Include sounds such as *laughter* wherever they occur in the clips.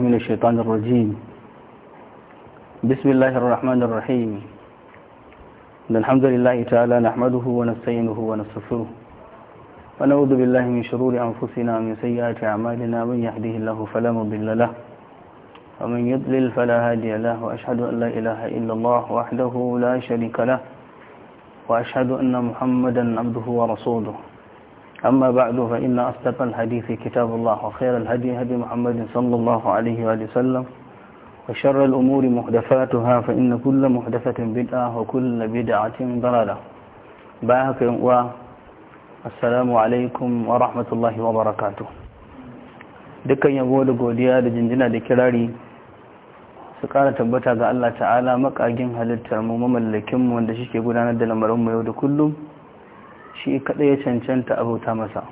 من الشيطان الرجيم بسم الله الرحمن الرحيم الحمد لله تعالى نحمده ونستعينه ونستغفره ونعوذ بالله من شرور أنفسنا ومن سيئات أعمالنا من يهده الله فلا مضل له ومن يضلل فلا هادي له وأشهد أن لا إله إلا الله وحده لا شريك له وأشهد أن محمدا عبده ورسوله أما بعد فإن أصدق الحديث كتاب الله وخير الهدي هدي محمد صلى الله عليه وآله وسلم وشر الأمور محدثاتها فإن كل محدثة بدعة وكل بدعة ضلالة باهك والسلام عليكم ورحمة الله وبركاته dukkan yabo da godiya da jinjina da kirari su kara tabbata ga Allah ta'ala makagin halittar mu mamallakin mu wanda shike gudanar da lamarin mu yau da kullum shi kada ya cancanta abauta masa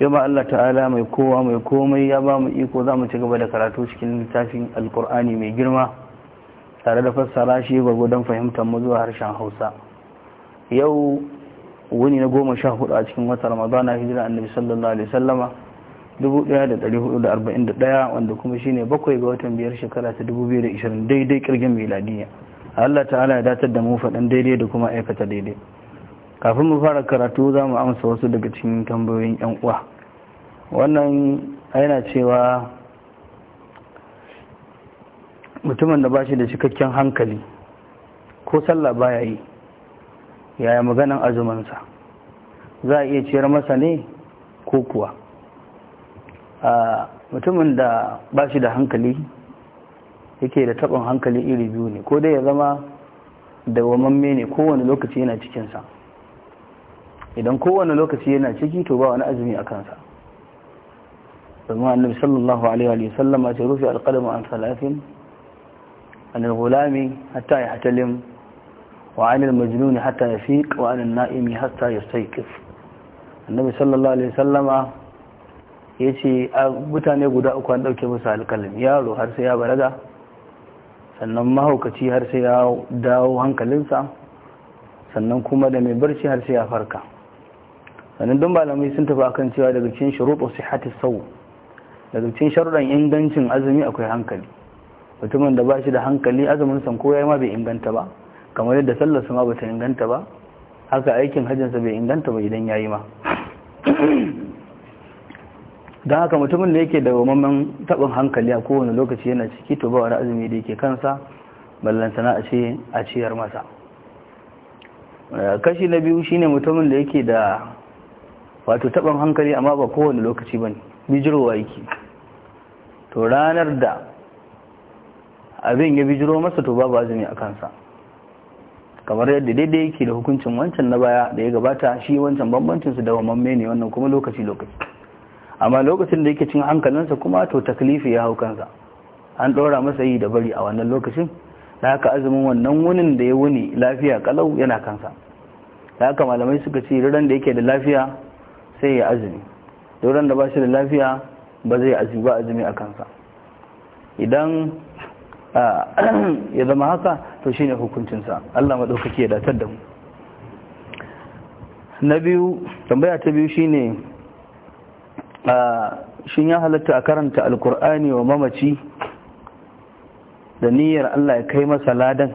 yau ba Allah ta'ala mai kowa mai komai ya ba mu iko za mu ci gaba da karatu cikin littafin alkur'ani mai girma tare da fassara shi gwargwadon fahimtar mu zuwa harshen hausa yau wani na goma sha hudu a cikin wata ramadana hijira annabi sallallahu alaihi sallama 1441 wanda kuma shine bakwai ga watan biyar shekara ta 2020 daidai kirgin miladiya Allah ta'ala ya datar da mu faɗin daidai da kuma aikata daidai kafin mu fara karatu za mu amsa wasu daga cikin tambayoyin yan uwa wannan yana cewa mutumin da ba shi da cikakken hankali ko sallah baya yi yaya maganan azumansa za a iya ciyar masa ne ko kuwa mutumin da ba shi da hankali yake da taɓin hankali iri biyu ne ko dai ya zama da wamanme ne kowane lokaci yana cikinsa idan kowane lokaci yana ciki to ba wani azumi a kansa domin annabi sallallahu alaihi wa sallam ce rufi alqalamu an salatin an alghulami ghulami hatta yahtalim wa an almajnun hatta yafiq wa an alnaimi hatta yastayqif annabi sallallahu alaihi wa sallama yace a mutane guda uku an dauke musu alqalam yaro har sai ya baraga sannan mahaukaci har sai ya dawo hankalinsa sannan kuma da mai barci har sai ya farka sannan don malamai sun tafi akan cewa daga cikin shuruɗu sihhati sau daga cikin sharuɗan ingancin azumi akwai hankali mutumin da ba shi da hankali azumin san ko yayi ma bai inganta ba kamar yadda sallar ma bata inganta ba haka aikin hajjinsa bai inganta ba idan yayi ma *coughs* don haka mutumin da yake da mamman taɓin hankali a kowane lokaci yana ciki to ba wani azumi da yake kansa ballantana a ce a ciyar masa eh, kashi na biyu shine mutumin da yake da wato taban hankali amma ba kowane lokaci ba ne bijirowa yake to ranar da abin ya bijiro masa to babu azumi a kansa kamar yadda daidai yake da hukuncin wancan na baya da ya gabata shi wancan bambancinsu da wamamme ne wannan kuma lokaci lokaci amma lokacin da yake cin hankalinsa kuma to taklifi ya hau kansa an ɗora masa yi da bari a wannan lokacin da haka azumin wannan wunin da ya wuni lafiya kalau yana kansa da haka malamai suka ce ran da yake da lafiya sai ya azumi dauran da ba shi da lafiya ba zai azumi ba azumi a kansa idan ya zama haka to shine hukuncinsa Allah maɗaukaki ya datar da mu na biyu tambaya ta biyu shine shin ya halatta a karanta alkur'ani wa mamaci da niyyar Allah ya kai masa ladan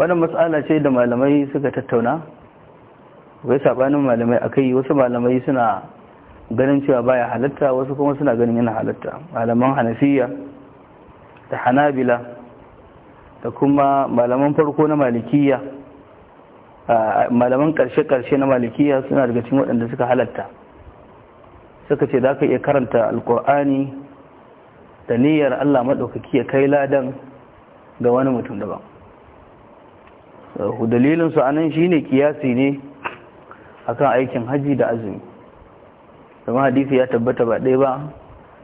wannan matsala ce da malamai suka tattauna kai sabanin malamai akai wasu malamai suna ganin cewa baya halatta wasu kuma suna ganin yana halatta malaman hanafiya da hanabila da kuma malaman farko na malikiya malaman karshe-karshe na malikiya suna daga cikin waɗanda suka halatta suka ce za ka iya karanta alkur'ani da niyyar allah maɗaukaki ya kai ladan ga wani mutum daban dalilinsu a nan shi ne kiyasi ne akan aikin haji da azumi kuma hadisi ya tabbata ba ɗaya ba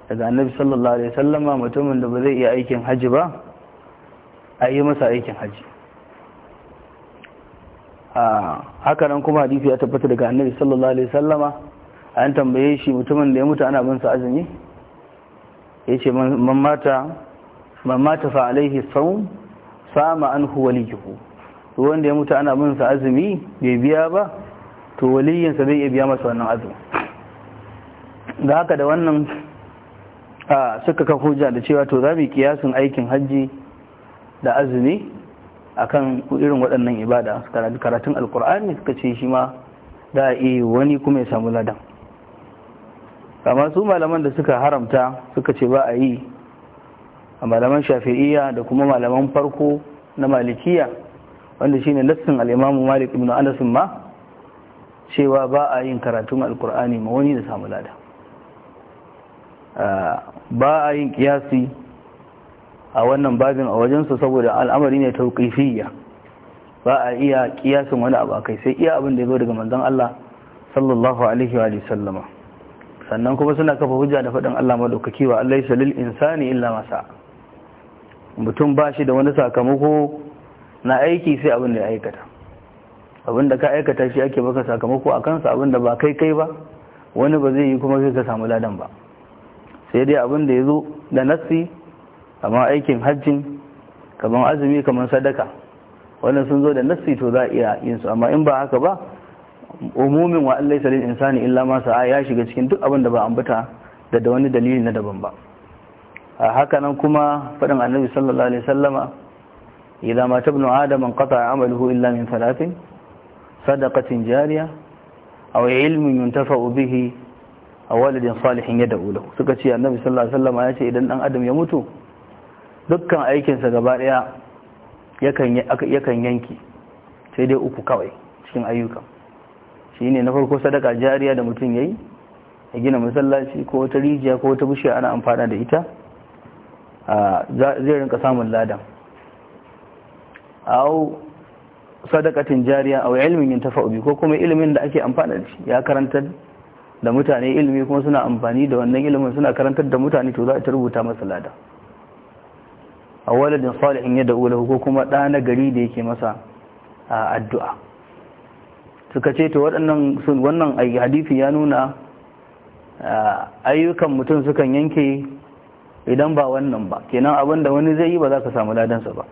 daga annabi sallallahu alaihi sallama mutumin da ba zai iya aikin haji ba a yi masa aikin haji haka nan kuma hadisi ya tabbata daga annabi sallallahu alaihi sallama an tambaye shi mutumin da ya mutu ana bansa azumi ya ce man mata fa alaihi saum sama an huwa likihu wanda ya mutu ana bansa azumi bai biya ba to waliyinsa zai iya biya masa wannan azumi da haka da wannan suka ka hujja da cewa to za mu kiyasin aikin hajji da azumi akan irin waɗannan ibada karatun alkur'ani suka ce shi ma Da a iya wani kuma ya samu ladan amma su malaman da suka haramta suka ce ba a yi a malaman shafi'iyya da kuma malaman farko na malikiya wanda shine nassin al-imamu malik ibn anas ma cewa ba a yin karatun alkur'ani ma wani da samu lada ba a yin kiyasi a wannan babin a wajensu saboda al'amari ne tauqifiyya ba a iya kiyasin wani abu kai, sai iya abin da ya zo daga manzon Allah sallallahu alaihi wa sallama sannan kuma suna kafa hujja da faɗin Allah madaukaki wa Allah salil insani illa masa mutum bashi da wani sakamako na aiki sai abin da ya aikata abinda ka aikata shi ake baka sakamako a kansa abinda ba kai kai ba wani ba zai yi kuma zai ka samu ladan ba sai dai abinda ya zo da nassi kamar aikin hajji kamar azumi kamar sadaka wannan sun zo da nassi to za a iya yin su amma in ba haka ba umumin wa Allah sai insani illa ma sa ya shiga cikin duk abin da ba ambata da da wani dalili na daban ba a haka nan kuma fadin annabi sallallahu alaihi wasallama idan ma tabnu adam qata'a amaluhu illa min thalathin sadaqatin jariya aw ilmin yuntafa'u bihi a walidin salihin ya da'ula suka ce annabi sallallahu alaihi wasallam ya ce idan dan adam ya mutu dukkan aikinsa gaba daya yakan yanki sai dai uku kawai cikin ayyukan shine na farko sadaka jariya da mutum yayi ya gina masallaci ko wata rijiya ko wata bishiya ana amfana da ita zai rinka samun ladan au sadakatin jariya a ilmin yin tafa'ubi ko kuma ilimin da ake amfani da shi ya karantar da mutane ilimi kuma suna amfani da wannan ilimin suna karantar da mutane to za a rubuta masa lada a waladin salihin ya da'u ko kuma ɗa na gari da yake masa addu'a suka ce to waɗannan wannan hadisi ya nuna ayyukan mutum sukan yanke idan ba wannan ba kenan abin da wani zai yi ba za ka samu ladansa ba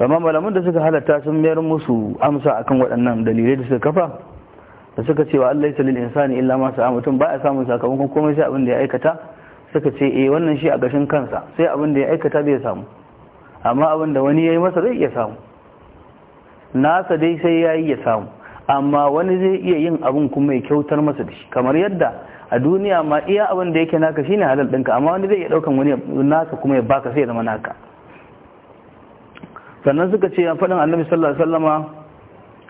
kamar malamun da suka halatta sun mayar musu amsa akan waɗannan dalilai da suka kafa da suka cewa Allah ya lil insani illa ma sa'a mutum ba ya samun sakamakon komai sai abin da ya aikata suka ce eh wannan shi a gashin kansa sai abin da ya aikata bai samu amma abin da wani yayi masa zai iya samu nasa dai sai yayi ya samu amma wani zai iya yin abin kuma ya kyautar masa da shi kamar yadda a duniya ma iya abin da yake naka shine halal ɗinka amma wani zai iya ɗaukan wani nasa kuma ya baka sai ya zama naka sannan suka ce ya faɗin annabi sallallahu alaihi sallama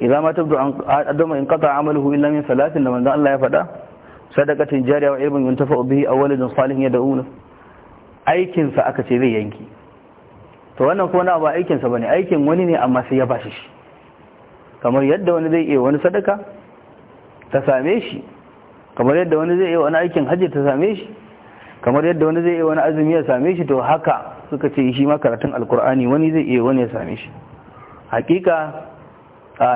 idan ma tabdu an adama in qata amaluhu illa min salatin da manzon Allah ya faɗa sadaqatin jariya wa ilmin yuntafa'u bihi aw waladin salihin yad'una aikin sa aka ce zai yanki to wannan ko na ba aikin sa bane aikin wani ne amma sai ya bashi shi kamar yadda wani zai iya wani sadaka ta same shi kamar yadda wani zai iya wani aikin hajji ta same shi kamar yadda wani zai iya wani azumi ya same shi to haka suka ce shi ma karatun alkur'ani wani zai iya wani ya same shi hakika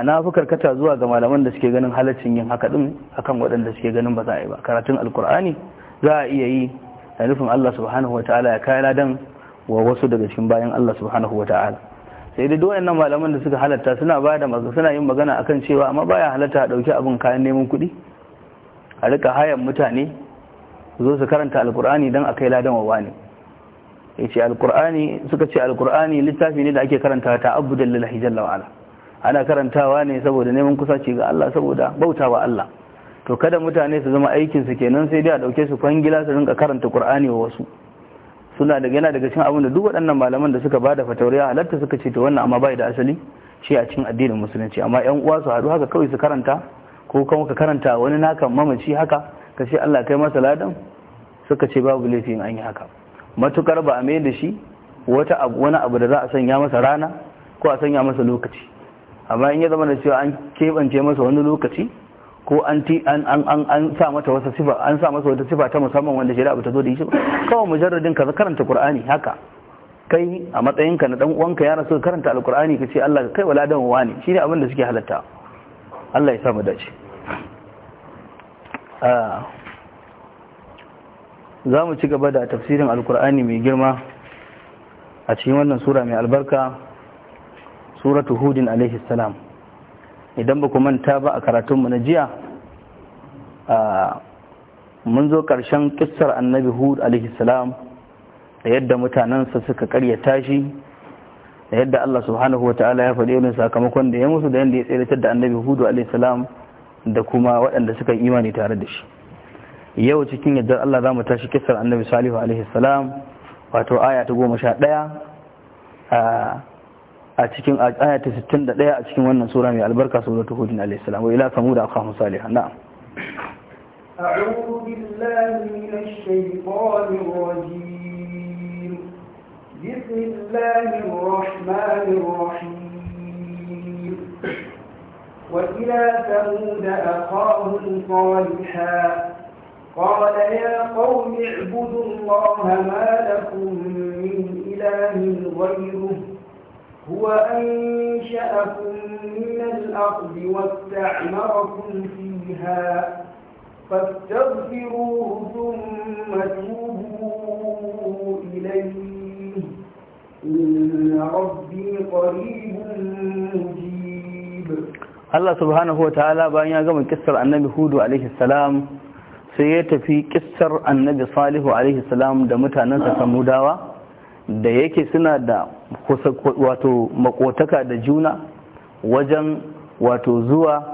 na fi karkata zuwa ga malaman da suke ganin halaccin yin haka din akan waɗanda suke ganin ba za a yi ba karatun alkur'ani za a iya yi da nufin Allah subhanahu wataala ya kai ladan wa wasu daga cikin bayan Allah subhanahu wataala sai dai dole nan malaman da suka halatta suna ba da suna yin magana akan cewa amma baya halatta a dauki abin kayan neman kuɗi a rika hayan mutane zo su karanta alkur'ani don a kai ladan wa wani ya ce alkur'ani suka ce alkur'ani littafi ne da ake karanta ta abudan lalahi jalla ana karantawa ne saboda neman kusaci ga Allah saboda wa Allah to kada mutane su zama aikin su kenan sai dai a dauke su kwangila su rinka karanta kurani wa wasu suna daga yana daga cin abin da duk waɗannan malaman da suka bada fatauriya halatta suka ce to wannan amma bai da asali shi a cikin addinin musulunci amma yan uwa su haɗu haka kawai su karanta ko kuma ka karanta wani naka mamaci haka ka ce Allah kai masa ladan suka ce babu laifin an yi haka matukar ba a mai da shi wata wani abu da za a sanya masa rana ko a sanya masa lokaci amma in ya zama da cewa an kebance masa wani lokaci ko an sa mata wata sifa an sa masa wata sifa ta musamman wanda shari'a ta zo da shi kawai mujarradin ka karanta Kur'ani haka kai a matsayinka na dan uwanka ya rasu karanta alqur'ani ce Allah kai wala dan wani shine abin da suke halatta Allah ya sa mu dace ah. za mu ci gaba da tafsirin alkur'ani mai girma a cikin wannan sura mai albarka suratu hudin salam idan ba ku manta ba a karatunmu na jiya mun zo ƙarshen kissar annabi hud alaihi salam da yadda mutanensa suka karya tashi, da yadda Allah subhanahu ta'ala ya faɗi wani sakamakon da ya musu da yadda ya tseratar da annabi hud salam da kuma waɗanda suka yi imani tare da shi yau cikin yadda Allah za mu tashi kisar annabi salihu alaihi salam wato aya ta goma sha ɗaya a cikin aya ta sittin da ɗaya a cikin wannan sura mai albarka da ta hudun alaihi salam wa ila samu da aka hamu salihan na'am أعوذ بالله من الشيطان الرجيم بسم الله الرحمن الرحيم وإلى ثمود أخاهم صالحا قال يا قوم اعبدوا الله ما لكم من إله غيره هو أنشأكم من الأرض واستعمركم فيها فاستغفروه ثم توبوا إليه إن ربي قريب مجيب الله سبحانه وتعالى بأن يقوم بكسر النبي هود عليه السلام sai ya tafi kissar annabi salihu alaihi salam da mutanensa samudawa da yake suna da wato makotaka da juna wajen wato zuwa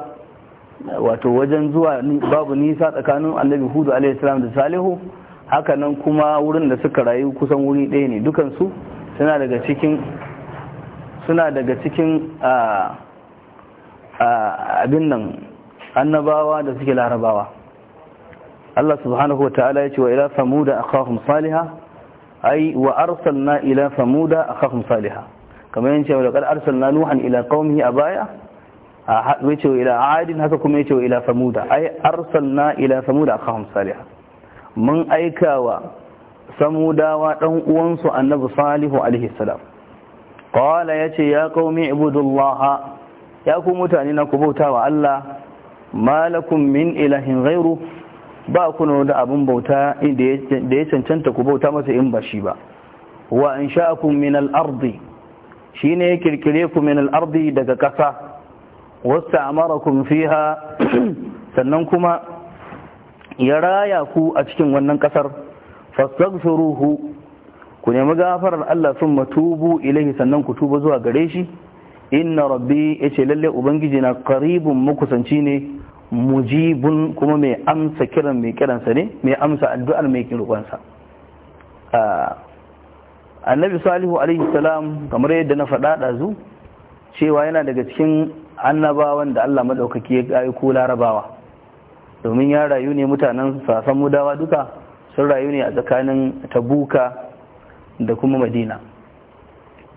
wato wajen zuwa babu nisa tsakanin annabi hudu alaihi salam da salihu hakanan kuma wurin da suka rayu kusan wuri ɗaya ne dukansu suna daga cikin suna daga cikin ah, ah, abin nan annabawa da suke larabawa Allah subhanahu wa ta'ala ya ce wa ila samuda akhahum salihah ai wa arsalna ila samuda akhahum salihah kamar yace wa laqad arsalna nuhan ila qaumihi abaya yace wa ila adin haka kuma yace wa ila samuda ai arsalna ila samuda akhahum salihah mun aikawa samudawa dan uwansu annabi salihu alaihi salam qala yace ya qaumi ibudullaha ya ku mutane na ku bautawa Allah malakum min ilahin ghairu ba kuna da abin bauta da ya cancanta ku bauta masa in ba shi ba wa in sha'akum min al shi ne ya kirkire ku min ardi daga ƙasa fi fiha *clears throat* sannan kuma ya raya ku a cikin wannan ƙasar fastaghfiruhu ku nemi gafarar Allah sun matubu ilaihi sannan ku tuba zuwa gare shi inna rabbi ya ce lalle ubangiji na karibin makusanci ne mujibun kuma mai amsa kiran mai kiransa ne mai amsa addu'ar mai kirkonsa annabi salihu alaihi salam kamar yadda na faɗa ɗazu cewa yana daga cikin annabawan da allah maɗaukaki ya ko larabawa domin ya rayu ne mutanen sasan mudawa duka sun rayu ne a tsakanin tabuka da kuma madina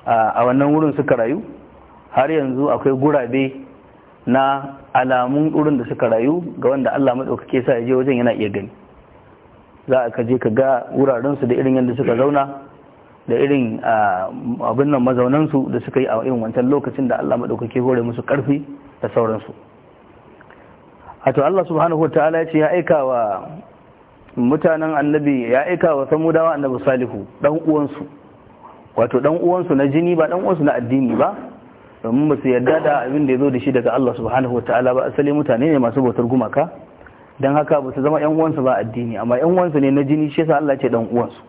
a wannan wurin suka rayu har yanzu akwai gurabe na alamun ɗurin da suka rayu ga wanda Allah maɗaukake sa ya je wajen yana iya gani za a kaje ka ga wurarensu da irin yadda suka zauna da irin abin nan mazaunansu da suka yi a irin wancan lokacin da Allah maɗaukake hore musu ƙarfi da sauransu a to Allah subhanahu wa ta'ala ya ce ya aika wa mutanen annabi ya aika wa samudawa annabi salihu dan uwansu wato dan uwansu na jini ba dan uwansu na addini ba domin ba su yarda da abin da ya zo da shi daga Allah subhanahu wa ta'ala ba asali mutane ne masu bautar gumaka don haka ba su zama yan uwansu ba addini amma yan uwansu ne na jini shi yasa Allah ce dan uwansu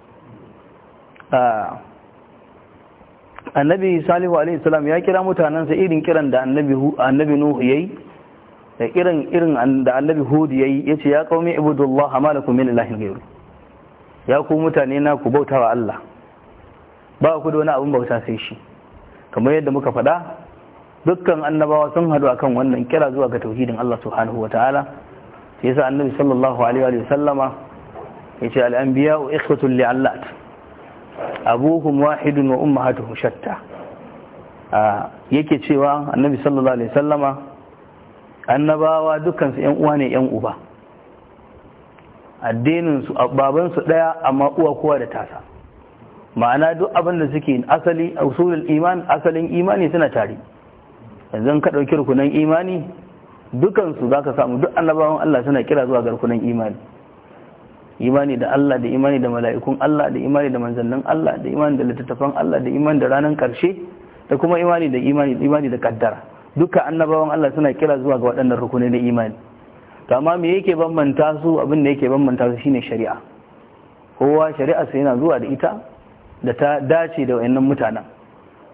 annabi salihu alaihi salam ya kira mutanansa irin kiran da annabi annabi nuhu yayi da irin irin da annabi hud yayi yace ya qaumi ibudullah ma lakum min ilahin ghayru ya ku mutane na ku bautawa Allah ba ku da wani abun bauta sai shi kamar yadda muka faɗa dukkan annabawa sun hadu akan wannan kira zuwa ga tauhidin Allah subhanahu ta'ala. sai yasa annabi sallallahu alaihi wa sallama yace al-anbiya'u ikhwatul li'allat abuhum wahidun wa ummahatuhum shatta yake cewa annabi sallallahu alaihi wa sallama annabawa dukkan su ƴan uwa ne ƴan uba addinin su baban su daya amma uwa kowa da tasa ma'ana duk abin da suke asali usulul iman asalin imani suna tare yanzu ka ɗauki rukunan imani dukansu za ka samu duk annabawan Allah suna kira zuwa ga rukunan imani imani da Allah da imani da mala'ikun Allah da imani da manzannin Allah da imani da littattafan Allah da imani da ranar ƙarshe da kuma imani da imani imani da kaddara duka annabawan Allah suna kira zuwa ga waɗannan rukunai na imani to amma me yake bambanta su abin da yake bambanta su shine shari'a kowa shari'a sai yana zuwa da ita da ta dace da wayannan mutanen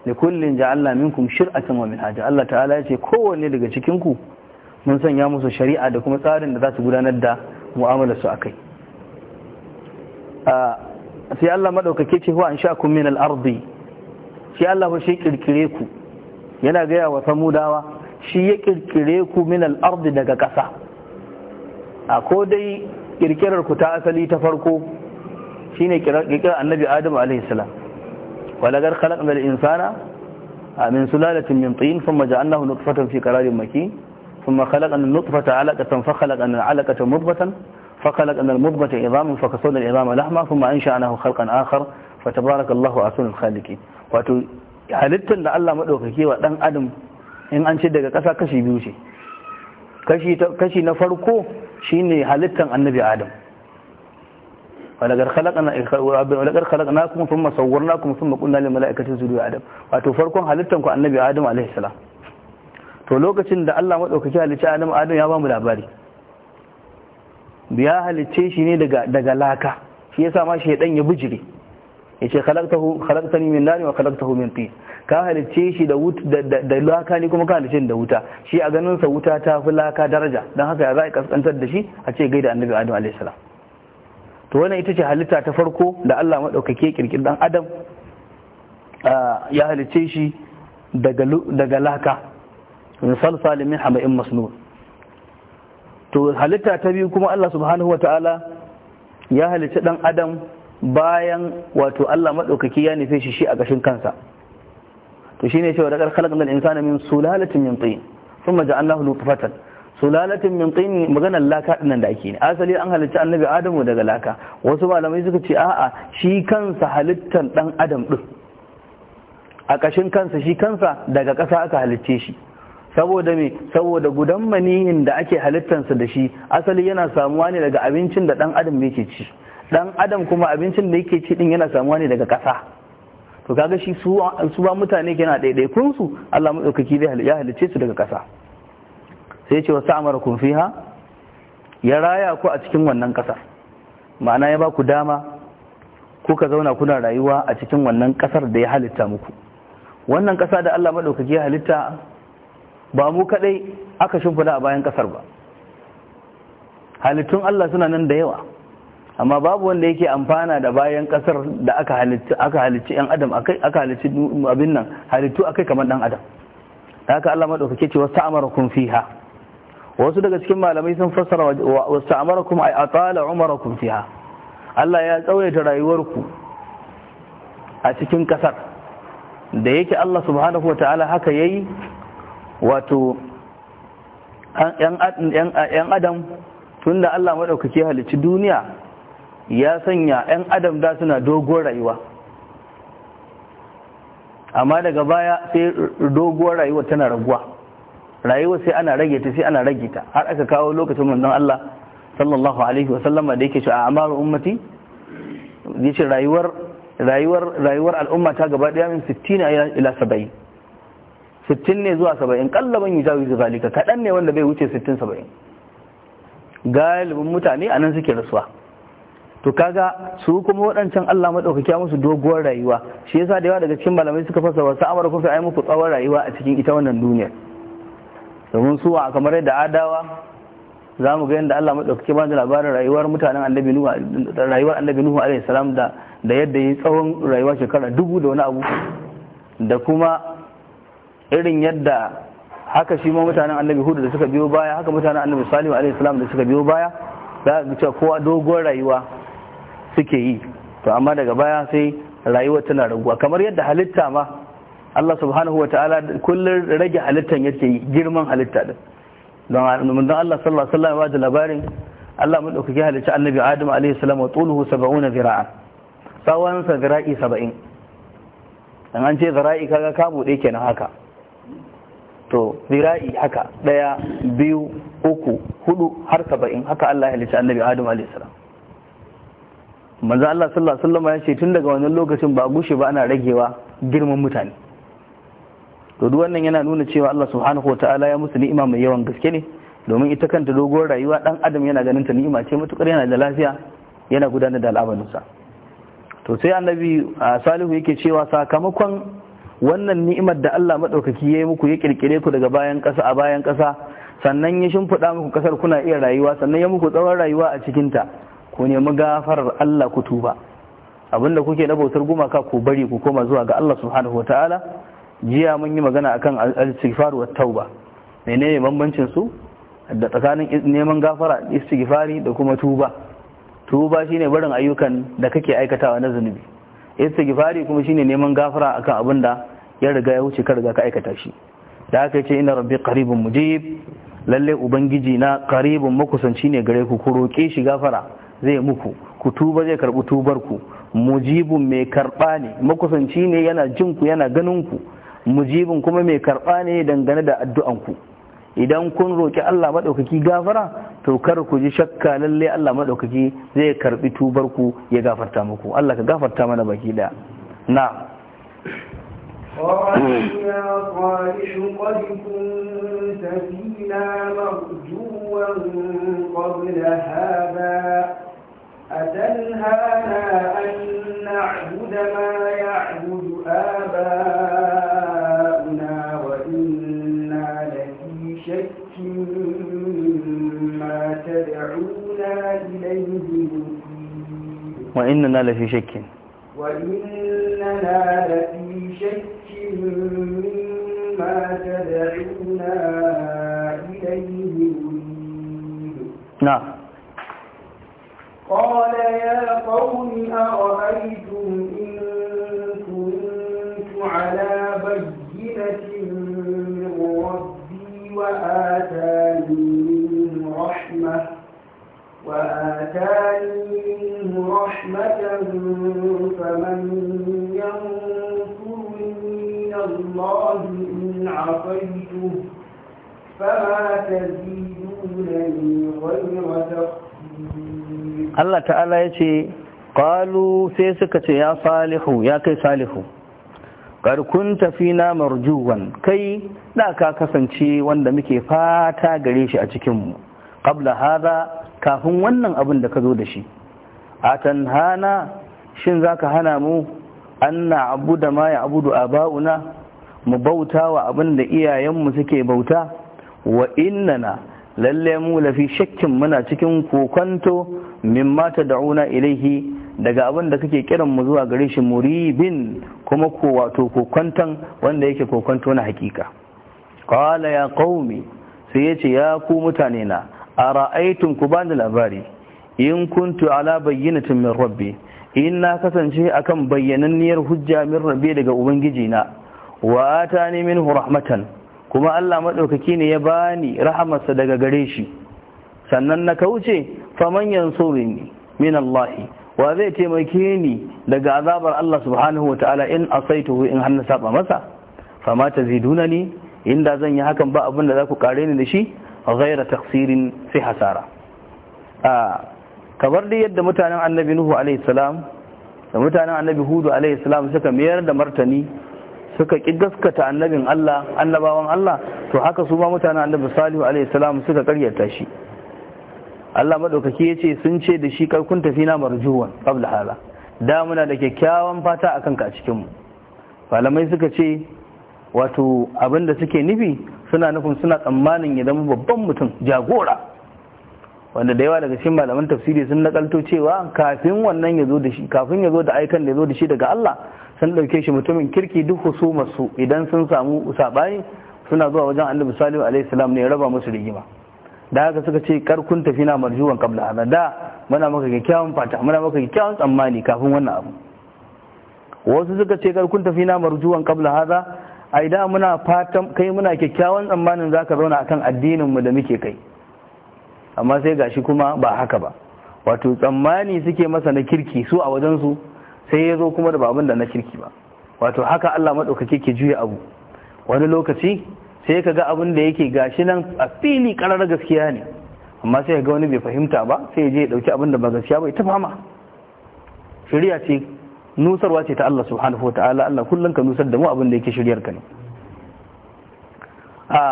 da kullum ja'alna minkum shir'atan wa minhaja Allah ta'ala ya ce kowanne daga cikin ku mun sanya musu shari'a da kuma tsarin da za su gudanar da mu'amalar su akai sai Allah madaukake ce wa ansha'akum min al-ardi sai Allah ho shi kirkire ku yana gaya wa samudawa shi ya kirkire ku min al-ardi daga ƙasa a ko dai kirkirar ku ta asali ta farko shine kirkirar annabi Adam alayhi salam walagar khalaqnal insana min sulalatin min tin thumma ja'alnahu nutfatan fi qararin makin thumma khalaqna an-nutfata 'alaqatan fa khalaqna al-'alaqata mudghatan fa khalaqna al-mudghata 'idhaman fa kasawna al-'idhama lahma thumma wato da Allah madaukake wa dan adam in an ce daga kasa kashi biyu ce kashi na farko shine halittan annabi adam ولقد خلقنا ولقد خلقناكم ثم صورناكم ثم قلنا للملائكه اسجدوا adam wato farkon halittanku annabi Adam alaihi salam to lokacin da Allah madaukaki halicci Adam Adam ya ba mu labari ya halicce shi ne daga daga laka shi yasa ma shi ya bijire yace khalaqtahu khalaqtani min nar wa khalaqtahu min tin ka halicce shi da wuta da laka ne kuma ka halicce da wuta shi a ganin sa wuta ta fi laka daraja dan haka ya za a kaskantar da shi a ce gaida annabi Adam alaihi salam to wannan ita ce halitta ta farko da Allah maɗaukake ƙirƙir dan adam ya halice shi daga laka misal salimin hama'in masnu to halitta ta biyu kuma Allah subhanahu wata'ala ya halice dan adam bayan wato Allah maɗaukake ya nufe shi shi a gashin kansa to shine cewa da kar khalaqna al-insana min sulalatin min tin thumma ja'alnahu nutfatan sulalatin min tin maganar laka dinnan da ake ne asali an halitta annabi adamu daga laka wasu malamai suka ce a'a shi kansa halittan dan adam din a kashin kansa shi kansa daga ƙasa aka halicce shi saboda me saboda gudan maniyin da ake sa da shi asali yana samuwa ne daga abincin da dan adam yake ci dan adam kuma abincin da yake ci din yana samuwa ne daga ƙasa to kaga shi su ba mutane yana ɗaiɗaikun su Allah madaukaki zai ya halicce su daga ƙasa sai ce wasu fi ha? ya raya ku a cikin wannan ƙasar ma'ana ya ba ku dama ka zauna kuna rayuwa a cikin wannan ƙasar da ya halitta muku wannan ƙasa da Allah maɗaukaki ya halitta ba mu kaɗai aka shimfida a bayan ƙasar ba halittun Allah suna nan da yawa amma babu wanda yake amfana da bayan kasar da aka halitta yan adam aka halicci abin nan halittu akai kamar dan adam haka Allah madaukake cewa fi ha wasu daga cikin malamai sun fassara wa sta'amarakum ay atala umarakum fiha Allah ya tsawaita rayuwarku a cikin kasar da yake Allah subhanahu wataala haka yayi wato yan adam tunda Allah maɗaukake halicci duniya ya sanya yan adam da suna dogon rayuwa amma daga baya sai doguwar rayuwa tana raguwa rayuwa sai ana rage ta sai ana rage ta har aka kawo lokacin manzon Allah sallallahu alaihi wasallama da yake cewa amaru ummati yace rayuwar rayuwar rayuwar al'umma ta gaba daya min 60 ila 70 60 ne zuwa 70 kallaban yujawizu zalika kadan ne wanda bai wuce 60 70 galibin mutane anan suke rasuwa to kaga su kuma wadancan Allah maɗaukaki musu doguwar rayuwa shi yasa da yawa daga cikin malamai suka fasa wasu amara amurka fi ai muku tsawon rayuwa a cikin ita wannan duniyar domin su a kamar yadda adawa za mu ga yadda Allah maɗaukaki ba da labarin rayuwar mutanen annabi Nuhu rayuwar annabi Nuhu alaihi salam da da yadda yi tsawon rayuwa shekara dubu da wani abu da kuma irin yadda haka shi ma mutanen annabi Hudu da suka biyo baya haka mutanen annabi Salihu alaihi salam da suka biyo baya za ga cewa kowa dogon rayuwa suke yi to amma daga baya sai rayuwar tana raguwa kamar yadda halitta ma Allah subhanahu wa ta'ala kullum rage halittan yake girman halitta din don Allah sallallahu alaihi wasallam ya da labarin Allah mun dauki halitta annabi Adam alaihi salam wa tuluhu 70 zira'a tsawon sa zira'i 70 dan an ce zira'i kaga ka bude kenan haka to zira'i haka daya biyu uku hudu har 70 haka Allah ya halitta annabi Adam alaihi salam manzo Allah sallallahu alaihi wasallam ya ce tun daga wannan lokacin ba gushe ba ana ragewa girman mutane to duk wannan yana nuna cewa Allah subhanahu wataala ya musu ni'ima mai yawan gaske ne domin ita kanta doguwar rayuwa dan adam yana ganin ta ni'ima ce matukar yana da lafiya yana gudanar da al'amuransa to sai annabi salihu yake cewa sakamakon wannan ni'imar da Allah madaukaki yayi yi muku ya kirkire ku daga bayan ƙasa a bayan kasa sannan ya shimfida muku kasar kuna iya rayuwa sannan ya muku tsawon rayuwa a cikin ta ku nemi gafarar Allah ku tuba abinda kuke na bautar gumaka ku bari ku koma zuwa ga Allah subhanahu wataala jiya mun yi magana akan al-istighfar wa tauba menene bambancin su da tsakanin neman gafara istighfari da kuma tuba tuba shine barin ayyukan da kake aikatawa na zunubi istighfari kuma shine neman gafara akan abin da ya riga ya wuce ka riga ka aikata shi da aka ce ina rabbi qaribun mujib lalle ubangiji na qaribun makusanci ne gare ku ku roke shi gafara zai muku ku tuba zai karbi tubar ku mujibun mai karba ne makusanci ne yana jin ku yana ganin ku mujibin kuma mai karɓa ne dangane da addu'anku idan kun roƙi Allah maɗaukaki gafara to kar ku ji shakka lalle Allah maɗaukaki zai karɓi tubarku ya gafarta muku Allah ka gafarta mana baki ɗaya na أتنهانا أن نعبد ما يعبد آباؤنا إليه مصير وإننا لفي شك وإننا لفي شك مما تدعونا إليه مريد نعم قال يا قوم أرأيتم إن كنت على بينة من ربي وآتاني من رحمه Wa tani mu rush mata yin Allah Ta'ala ya ce ƙalu sai suka ce ya kai Salihu. Kar kun tafi naman riƙe kai, da ka kasance wanda muke fata gare shi a cikinmu? qabla hadha kafin wannan abin da ka zo da shi atanhana shin zaka hana mu anna abuda ma ya abudu aba'una mu bauta wa abin da iyayenmu suke bauta wa innana lalle mu lafi shakkin muna cikin kokonto mimma da'una ilaihi daga abin da kake kiran mu zuwa gare shi muribin kuma ko wato kokontan wanda yake kokonto na hakika qala ya qaumi sai ya ce ya ku mutane na a ra'aitun ku bani labari in kuntu ala bayyinatin min rabbi in na kasance akan bayyananniyar hujja min rabbi daga ubangiji na wa atani minhu rahmatan kuma Allah madaukaki ne ya bani rahamarsa daga gare shi sannan na kauce faman yansurini min Allah wa zai taimake ni daga azabar Allah subhanahu wata'ala in asaituhu in har na saba masa fama In inda zan yi hakan ba abin da za ku kare ni da shi ghaira taksirin fi hasara a kamar da yadda mutanen annabi nuhu alaihi salam da mutanen annabi hudu alaihi salam suka mayar da martani suka ki gaskata annabin Allah annabawan Allah to haka su ma mutanen annabi salihu alaihi salam suka karyata shi Allah madaukaki ce sun ce da shi karkun tafi na marjuwan qabla hala da muna da kyakkyawan fata akan ka a cikin mu malamai suka ce wato abin da suke nufi suna nufin suna tsammanin ya zama babban mutum jagora wanda da yawa daga cikin malaman tafsiri sun nakalto cewa kafin wannan ya zo da shi kafin ya zo da aikan da ya zo da shi daga Allah sun dauke shi mutumin kirki duk husumarsu idan sun samu sabani suna zuwa wajen Annabi Salihu alaihi salam ne ya raba musu rigima da haka suka ce karkun tafi na marjuwan kabla ana da muna maka kyakkyawan fata muna maka kyakkyawan tsammani kafin wannan abu wasu suka ce karkun tafi na marjuwan kabla hada a da muna fatan kai muna kyakkyawan tsammanin za ka zauna akan addininmu da muke kai amma sai gashi kuma ba haka ba wato tsammani suke masa na kirki su a wajensu sai ya zo kuma da abin da na kirki ba wato haka Allah maɗaukaki ke juya abu wani lokaci sai ka ga abin da yake gashi nan a fili ƙarar gaskiya ne amma sai ka ga wani bai fahimta ba sai ya je ya ɗauki abin da ba gaskiya ba ita fama shari'a ce nusarwa ce ta Allah subhanahu wa ta'ala Allah kullum ka nusar da mu abin da yake shiryar ka ne a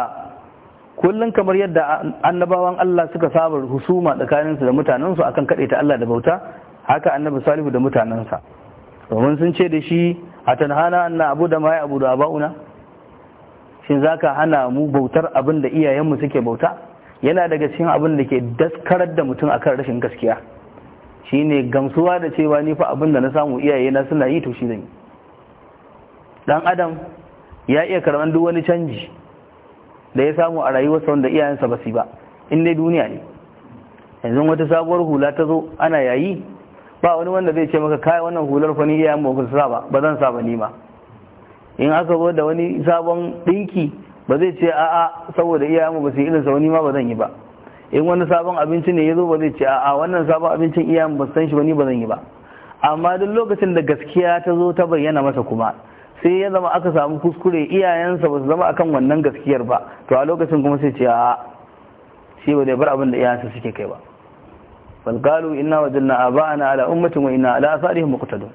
kullum kamar yadda annabawan Allah suka saba husuma tsakaninsu da mutanensu akan kaɗe ta Allah da bauta haka annabi salihu da mutanensa domin sun ce da shi a tanhana anna abu da ma ya abu da ba'una shin zaka hana mu bautar abin da iyayenmu suke bauta yana daga cikin abin da ke daskarar da mutum akan rashin gaskiya Shi ne gamsuwa da cewa ni fa abin na samu iyaye na suna yi to shi zai dan adam ya iya karban duk wani canji da ya samu a rayuwarsa wanda iyayensa ba su ba in dai duniya ne yanzu wata sabuwar hula ta zo ana yayi ba wani wanda zai ce maka kai wannan hular fa ni iyayen ba sa ba ba zan sa ba ni ma in aka zo da wani sabon dinki ba zai ce a'a saboda iyayen ba su yi irin sa wani ma ba zan yi ba in wani sabon abinci ne ya zo ba zai ce a wannan sabon abincin iyayen ba san shi ba ni ba zan yi ba amma duk lokacin da gaskiya ta zo ta bayyana masa kuma sai ya zama aka samu kuskure iyayensa ba su zama akan wannan gaskiyar ba to a lokacin kuma sai ce a shi ba zai bar abin da iyayensa suke kai ba bal qalu inna wajadna aba'ana ala ummatin wa inna ala asarihim muqtadun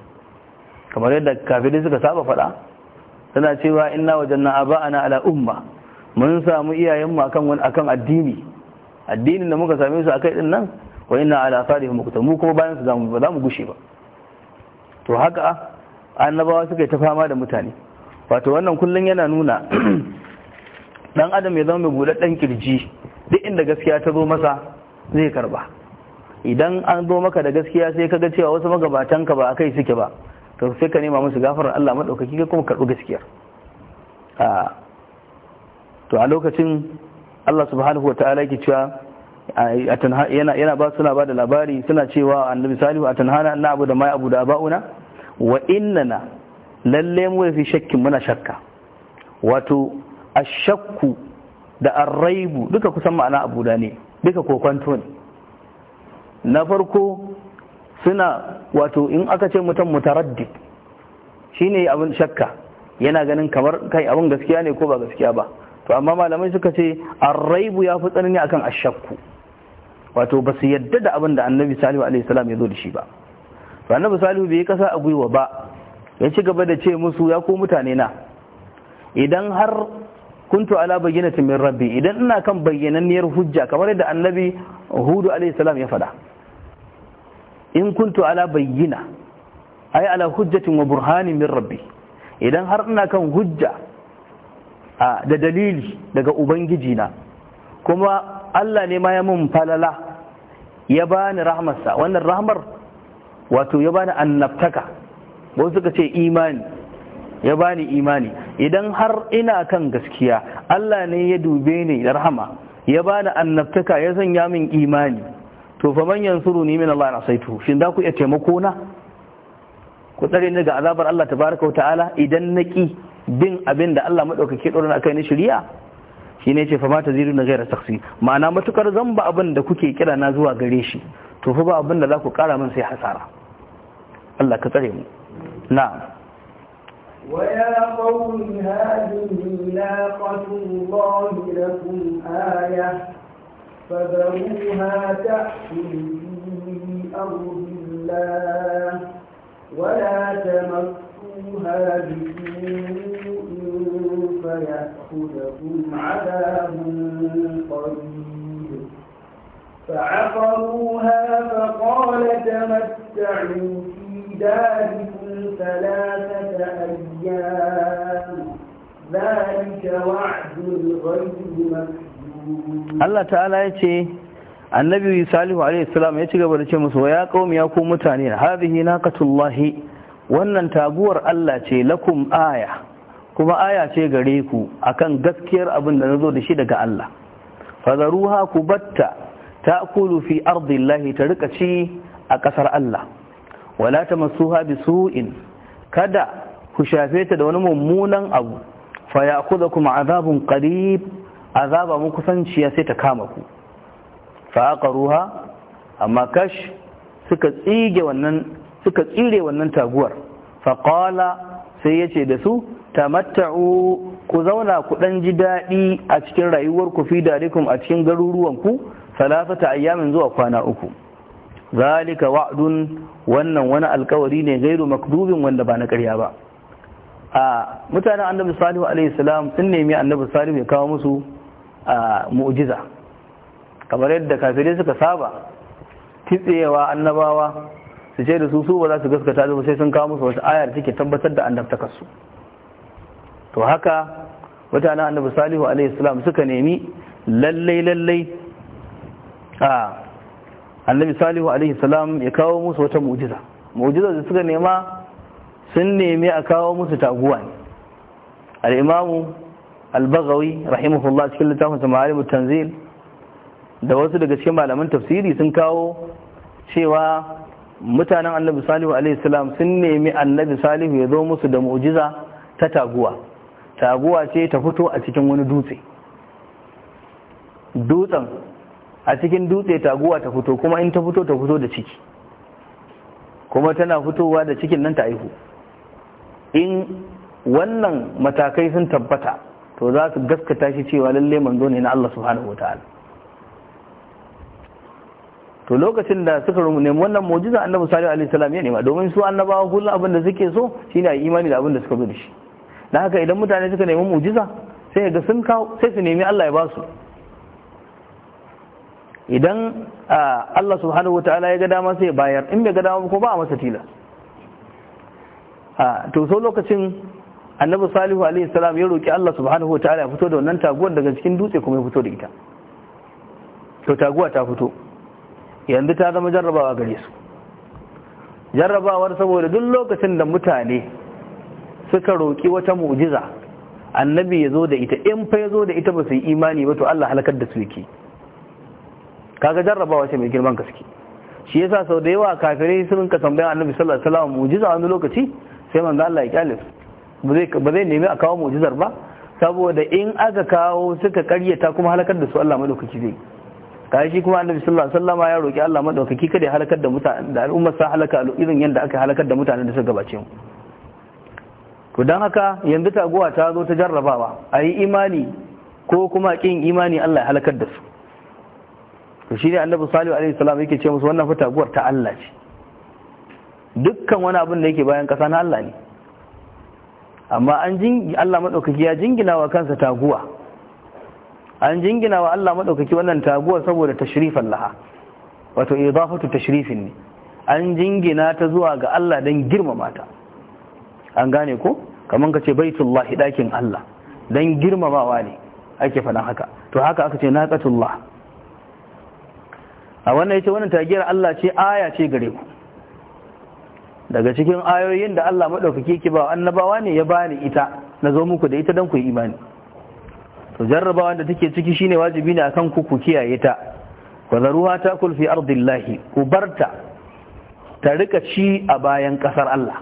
kamar yadda kafirin suka saba faɗa tana cewa inna wajadna aba'ana ala umma mun samu iyayenmu akan wani akan addini addinin da muka same su akai din nan wa inna ala asarihim mu kuma bayan su zamu ba zamu gushe ba to haka annabawa suka yi ta fama da mutane wato wannan kullun yana nuna dan *clears throat* adam ya zama mai dan kirji duk inda gaskiya ta zo masa zai karba idan an zo maka da gaskiya sai kaga cewa wasu magabatan ka ba akai suke ba to sai ka nema musu gafarar Allah madaukaki ka kuma karbi gaskiya a ah. to a lokacin Allah subhanahu wa ta'ala yake cewa yana yana ba suna ba labari suna cewa annabi salihu atanhana na abu da mai abu da aba'una wa innana lalle mu fi shakkin muna shakka wato ashakku da arraibu duka kusan ma'ana abu da ne duka kokwanto ne na farko suna wato in aka ce mutum mutaraddid shine abin shakka yana ganin kamar kai abin gaskiya ne ko ba gaskiya ba to amma malamai suka ce arraibu ya fi tsanani akan ashakku wato ba su yadda da abin da annabi salihu alaihi salam ya zo da shi ba to annabi salihu bai kasa a gwiwa ba ya ci gaba da ce musu ya ko mutane na idan har kuntu ala bayyinatin min rabbi idan ina kan bayyananniyar hujja kamar yadda annabi hudu alaihi salam ya faɗa in kuntu ala bayyina ay ala hujjatin wa burhani min rabbi idan har ina kan hujja da dalili daga ubangiji na kuma Allah ne ma ya mun falala ya bani rahmarsa wannan rahmar wato ya bani annabtaka wasu suka ce imani ya bani imani idan har ina kan gaskiya Allah ne ya dube ni da rahama ya bani annabtaka ya sanya min imani to fa man yansuru ni min Allah na shin da ku iya taimako na ku tsare ni ga azabar Allah tabaraka wa ta'ala idan naki bin abin da Allah maɗaukaki ɗaura na kai na shi ne ce fa mata ziru na gaira taksi ma'ana matukar zamba abin da kuke kira na zuwa gare shi to fa ba abin da za ku ƙara min sai hasara Allah ka tsare mu na ويا قوم هذه ناقة الله لكم آية فذروها تأكل في أرض الله ولا تمسوا فيأخذهم عذاب قريب فعقروها فقال تمتعوا في داركم ثلاثة أيام ذلك وعد غير مكذوب الله تعالى يتي النبي salihu عليه salam ya ci gaba da ce قوم ya qaumi ya ku mutane hadhihi wannan taguwar Allah ce lakum aya kuma aya ce gare ku akan gaskiyar abin da nazo da shi daga Allah fazaruha kubatta taakulu fi ardillahi ta rika ci a kasar Allah wala tamassuha bisu'in kada ku shafe ta da wani mummunan abu fa ya'khudhukum azabun qarib azaba mu kusanciya sai ta kama ku fa aqruha amma kash suka tsige wannan suka tsire wannan taguwar faƙala sai ya ce da su tamatta'u ku zauna ku ɗan ji daɗi a cikin rayuwar ku fi darikum a cikin garuruwan ku salasata ayyamin zuwa kwana uku zalika wa'dun wannan wani alkawari ne gairu makdubin wanda ba na ƙarya ba a mutanen annabi salihu alaihi salam sun nemi annabi salihu ya kawo musu a mu'jiza kamar yadda kafirai suka saba kitsewa annabawa su ce da su su ba za su gaskata da sai sun kawo musu wata ayar take tabbatar da annabtakarsu to haka mutanen annabi salihu alaihi salam suka nemi lallai lallai a annabi salihu alaihi salam ya kawo musu wata mu'jiza mu'jiza da suka nema sun nemi a kawo musu taguwa ne al-imamu al rahimahullah cikin littafin samarim tanzil da wasu daga cikin malaman tafsiri sun kawo cewa mutanen annabi salihu alaihi salam sun nemi annabi salihu ya zo musu da mu'jiza ta taguwa taguwa ce ta fito a cikin wani dutse dutsen a cikin dutse taguwa ta fito kuma in ta fito ta fito da ciki kuma tana fitowa da cikin nan ta aihu in wannan matakai sun tabbata to za su gaskata shi cewa lalle manzo ne na Allah subhanahu wataala to lokacin da suka nemi wannan mu'jiza annabi sallallahu alaihi wasallam ya nema domin su annabawa kullum abin da suke so shine ai imani da abin da suka zo da shi dan haka idan mutane suka nemi mu'jiza sai ga sun kawo sai su nemi Allah ya ba su idan Allah subhanahu wataala ya ga dama sai ya bayar in bai ga dama ko ba a masa tilas to so lokacin annabi salihu alaihi salam ya roki Allah subhanahu wataala ya fito da wannan taguwar daga cikin dutse kuma ya fito da ita to taguwa ta fito yanzu ta zama jarrabawa gare su jarrabawar saboda duk lokacin da mutane suka roƙi wata mu'jiza annabi ya zo da ita in fa ya zo da ita ba su yi imani ba to Allah halakar da su yake kaga jarrabawa ce mai girman gaske shi yasa sau da yawa kafirai sun rinka tambayan annabi sallallahu alaihi wasallam mu'jiza wani lokaci sai manzo Allah ya kyale ba zai ba zai nemi a kawo mu'jizar ba saboda in aka kawo suka karyata kuma halakar da su Allah madaukaki zai kai shi kuma annabi sallallahu alaihi wasallama ya roki Allah madaukaki kada ya halakar da mutane da al'ummar sa halaka irin yanda aka halakar da mutanen da suka gabace mu ku dan haka yanzu taguwa ta zo ta jarrabawa ayi imani ko kuma kin imani Allah ya halakar da su to ne annabi sallallahu alaihi wasallam yake ce musu wannan fa taguwar ta Allah ce dukkan wani abin da yake bayan kasa na Allah ne amma an Allah madaukaki ya jingina wa kansa taguwa an jingina wa Allah maɗaukaki wannan taguwar saboda tashrifan laha wato idafatu tashrifin ne an jingina ta zuwa ga Allah dan girmama ta an gane ko kaman kace baitullah dakin Allah dan girmamawa ne ake faɗan haka to haka aka ce naqatullah a wannan yace wannan tagiyar Allah ce aya ce gare ku daga cikin ayoyin da Allah madaukaki ke ba annabawa ne ya bani ita na zo muku da ita dan ku yi imani to jarrabawa da take ciki shine wajibi ne akan ku ku kiyaye ta wa zaruha takul fi ardillahi ku barta ta rika ci a bayan kasar Allah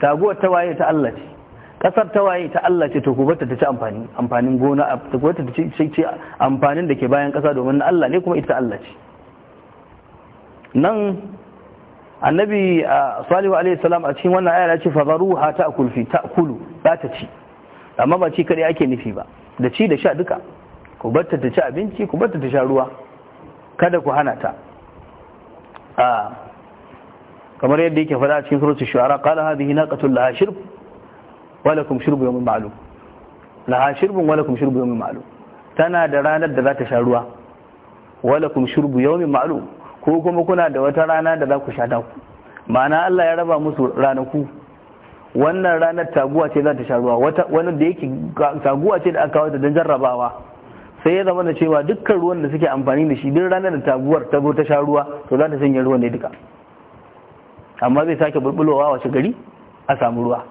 taguwar ta waye ta Allah ce kasar ta waye ta Allah ce to ku barta ta ci amfani amfanin gona ta ku barta ta ci amfanin da ke bayan kasa domin Allah ne kuma ita Allah ce nan annabi salihu alaihi salam a cikin wannan ayar ya ce fa zaruha ta'kul fi kulu za ta ci amma ba ci kare ake nufi ba da ci da sha duka ku barta ta ci abinci ku barta ta sha ruwa kada ku hana ta a kamar yadda yake fada cikin suratul shu'ara qala hadhihi naqatul laha shirb wa lakum shirbu yawmin ma'lum laha shirbun wa lakum shirbu yawmin ma'lum tana da ranar da za ta sha ruwa wa lakum shirbu yawmin ma'lum ko kuma kuna da wata rana da za ku sha ta ku ma'ana Allah ya raba musu ranaku wannan ranar taguwa ce za ta sha ruwa wannan da yake taguwa ce da aka kawo ta don jarrabawa sai ya zama da cewa dukkan ruwan da suke amfani da shi duk ranar da taguwar ta zo ta sha ruwa to za ta sanya ruwan ne duka amma zai sake bulbulowa wace gari a samu ruwa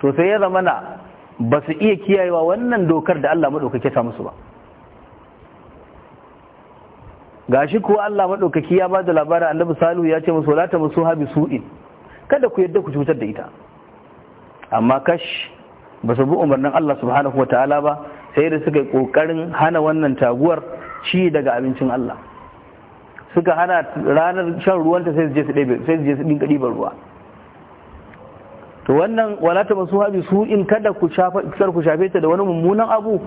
to sai ya zama na ba su iya kiyayewa wannan dokar da Allah maɗaukaki ta musu ba gashi kuwa Allah maɗaukaki ya ba da labarin annabi salihu ya ce musu la ta musu habi su'in kada ku yadda ku cutar da ita amma kash ba su bi umarnin Allah subhanahu wa ta'ala ba sai da suka yi ƙoƙarin hana wannan taguwar ci daga abincin Allah suka hana ranar shan ruwanta sai su je su ɗinka ɗibar ruwa to wannan walata masu su haɓi su in kada ku shafe ta da wani mummunan abu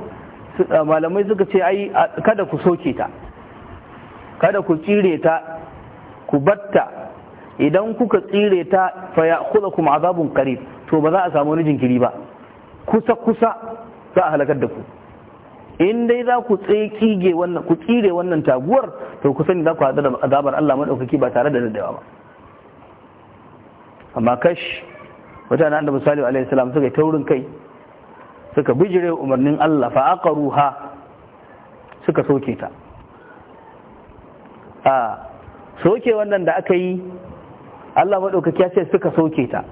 malamai suka ce ai kada ku soke ta kada ku tsire ta ku batta idan kuka tsire ta kula kuma azabun qarib to ba za a samu wani jinkiri ba kusa kusa za a halakar da ku in dai za ku tsige wannan ku tsire wannan taguwar to ku sani za ku hada da azabar Allah madaukaki ba tare da daddawa ba amma kash mutanen annabi sallallahu alaihi wasallam suka taurin kai suka bijire umarnin Allah fa aqaruha suka soke ta a ah, soke wannan da aka yi Allah maɗaukaki ya ce suka sauke ta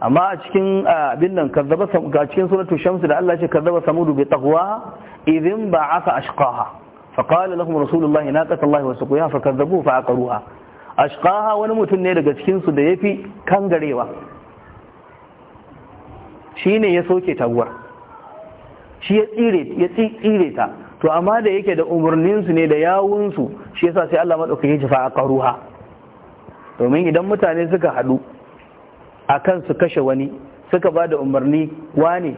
amma a cikin abin nan kazzaba ga cikin suratul shamsu da Allah ce kazzaba samudu bi taqwa idhin ba'atha ashqaha fa qala lahum rasulullahi naqata Allah wa suqiha fa kazzabu fa aqruha ashqaha wani mutum ne daga cikin su da yafi kangarewa shine ya soke taguwar shi ya tsire ya tsire ta to amma da yake da umurnin su ne da yawun su shi yasa sai Allah madaukake ya fa aqruha domin idan mutane suka haɗu a kan su kashe wani suka ba da umarni wane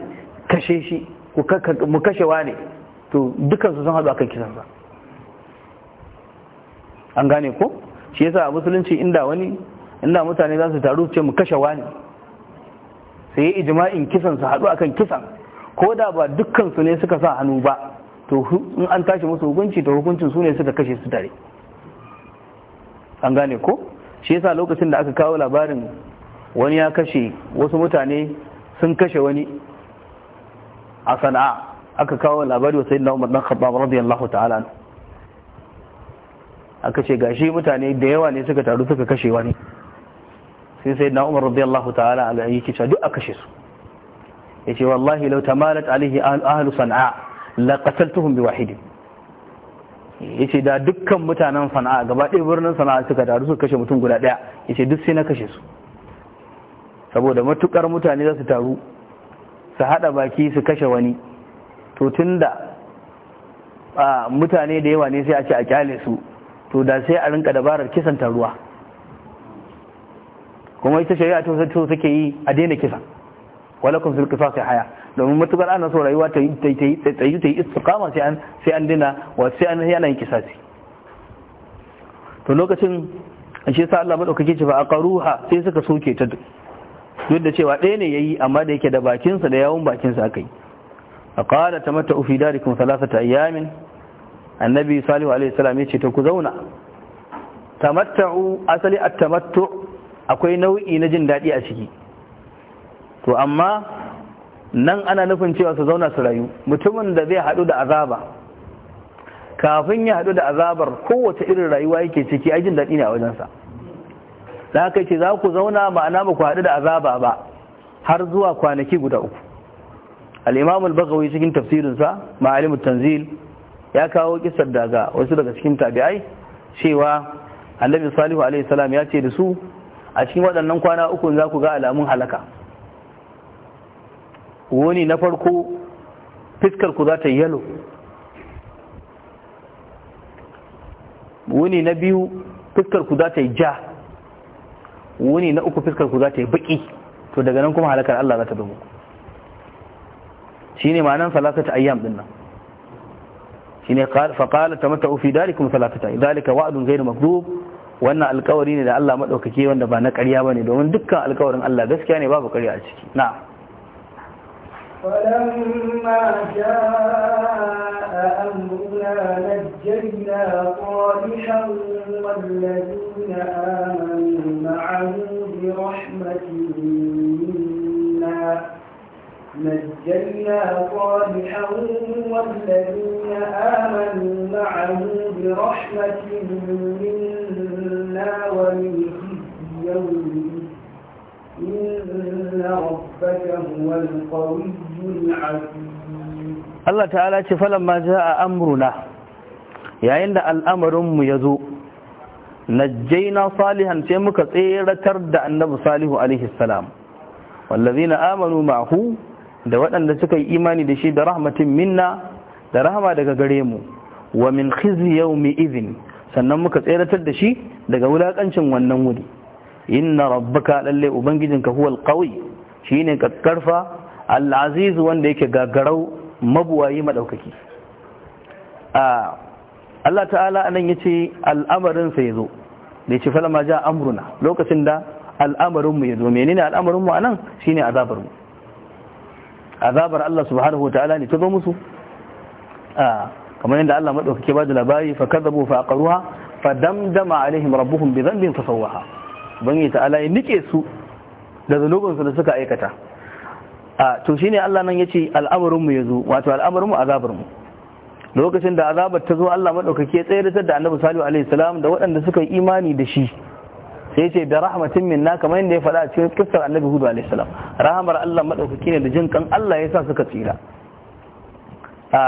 kashe shi mu kashe wane to dukansu sun haɗu a kan kisansa an gane ko shi yasa a musulunci inda wani inda mutane za su taru ce mu kashe wani sai yi ijima'in kisan su haɗu akan kisan ko da ba dukansu ne suka sa hannu ba to in an tashi musu hukunci to hukuncin su ne suka kashe su tare an gane ko shi yasa lokacin da aka kawo labarin wani ya kashe wasu mutane sun kashe wani a sana'a aka kawo labari wa sayyidina Umar dan Khattab radiyallahu ta'ala aka ce gashi mutane da yawa ne suka taru suka kashe wani sai sayyidina Umar radiyallahu ta'ala alaihi kice duk aka kashe su yace wallahi law tamalat alihi ahlu sana'a la qataltuhum bi wahidin ce da dukkan mutanen sana'a gaba ɗaya birnin sana'a suka taru su kashe mutum guda ɗaya ce duk sai na kashe su saboda matukar mutane za su taru su haɗa baki su kashe wani to tun da mutane da yawa ne sai a ce a kyale su to da sai a rinka dabarar kisan taruwa kuma ita shari'a ta so suke yi a daina kisan walakum fil sai haya domin matukar ana so rayuwa ta yi ta yi sai an dina wa sai an yana yin kisasi to lokacin shi sa Allah madaukake ce fa aqaruha sai suka soke ta duk da cewa ɗaya ne yayi amma da yake da bakin sa da yawun bakin sa akai aqala tamattu fi darikum thalathata ayamin annabi salihu alaihi salam yace ta ku zauna tamattu asali at-tamattu akwai nau'i na jin daɗi a ciki to amma nan ana nufin cewa su zauna su rayu mutumin da zai haɗu da azaba kafin ya haɗu da azabar kowace irin rayuwa yake ciki ajin daɗi ne a wajensa da haka ce za ku zauna ma'ana ba ku haɗu da azaba ba har zuwa kwanaki guda uku al'imamul bagawai bagawi cikin tafsirinsa ma'alimu tanzil ya kawo kisar daga wasu daga cikin tabi'ai cewa annabi salihu alaihi salam ya ce da su a cikin waɗannan kwana uku za ku ga alamun halaka wuni na farko fiskar ku za ta yi yalo wuni na biyu fiskar ku za ta yi ja wuni na uku fiskar ku za ta yi baki to daga nan kuma halakar Allah za ta Shi ne ma'anan salasata ayyam din nan shine fa qala tamattu fi dalikum salasata dalika wa'adun gairu makdub wannan alkawari ne da Allah maɗaukake wanda ba na ƙarya ne, domin dukkan alkawarin Allah gaskiya ne babu ƙarya a ciki na'am فلما جاء أمرنا نجينا صالحا والذين آمنوا معه برحمة منا نجينا صالحا والذين آمنوا معه برحمة منا ومن يومئذ allah ta'ala هو القوي العزيز الله تعالى فلما yayin da al'amarinmu ya zo najjaina salihan sai muka tseratar da annabi salihu alaihi salam na amanu ma'hu da waɗanda suka yi imani da shi da rahmatin minna da rahama daga gare mu wa min khizyi yawmi izin, sannan muka tseratar da shi daga wulakancin wannan wuri inna rabbaka lalle ubangijinka kahuwal qawi shine kakkarfa al-aziz wanda yake gagarau mabuwayi madaukaki Allah ta'ala anan yace al'amarin sa yazo da yace falama ja amruna lokacin da al'amarin mu yazo menene al'amarin mu anan shine azabar mu azabar Allah subhanahu wa ta'ala ne ta zo musu a kamar yadda Allah madaukake ba da labari fa kadzabu fa aqruha fa damdama alaihim rabbuhum bi dhanbin fasawaha bangi ta'ala ya nike su da zanubinsu da suka aikata a to shine Allah nan yace al'amarinmu mu yazo wato al'amarinmu mu azabar mu lokacin da azabar ta zo Allah madaukake tsayar da Annabi Salihu alaihi salam da waɗanda suka yi imani da shi sai yace da rahmatin minna kamar yadda ya faɗa a cikin kissar Annabi hudu alaihi salam rahamar Allah madaukake ne da jin kan Allah ya sa suka tsira a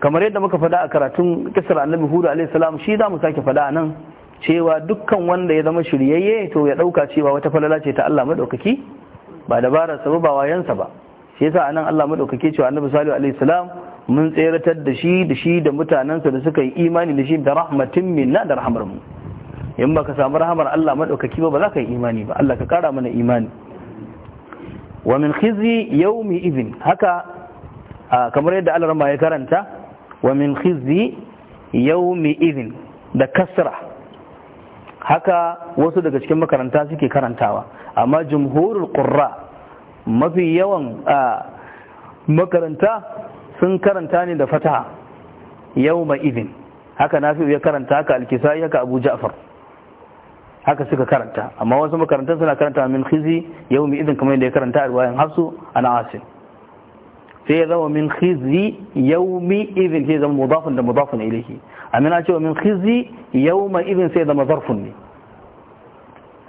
kamar yadda muka faɗa a karatun kissar Annabi hudu alaihi salam shi za mu sake faɗa nan cewa dukkan wanda ya zama shiryayye to ya dauka cewa wata falala ce ta Allah madaukaki ba dabararsa ba ba wayansa ba shi yasa anan Allah madaukaki cewa Annabi Salihu alaihi salam mun tseratar da shi da shi da da suka yi imani da shi da rahmatin minna da rahmar mu in baka samu rahmar Allah madaukaki ba ba za ka yi imani ba Allah ka kara mana imani wa min khizyi yawmi idhin haka kamar yadda Allah ya karanta wa min khizyi yawmi idhin da kasra haka wasu daga cikin makaranta suke karantawa amma jumhurul qurra mafi yawan makaranta sun karanta ne da fataha yawma idin haka nafi ya karanta haka alkisai haka abu ja'far haka suka karanta amma wasu makarantar suna karanta min khizi yawmi idin kamar yadda ya karanta a riwayan hafsu ana asin. sai ya zama min khizi yaumi idin sai zama mudafin da a ilaihi amina cewa min khizi yauma idin sai zama zarfun ne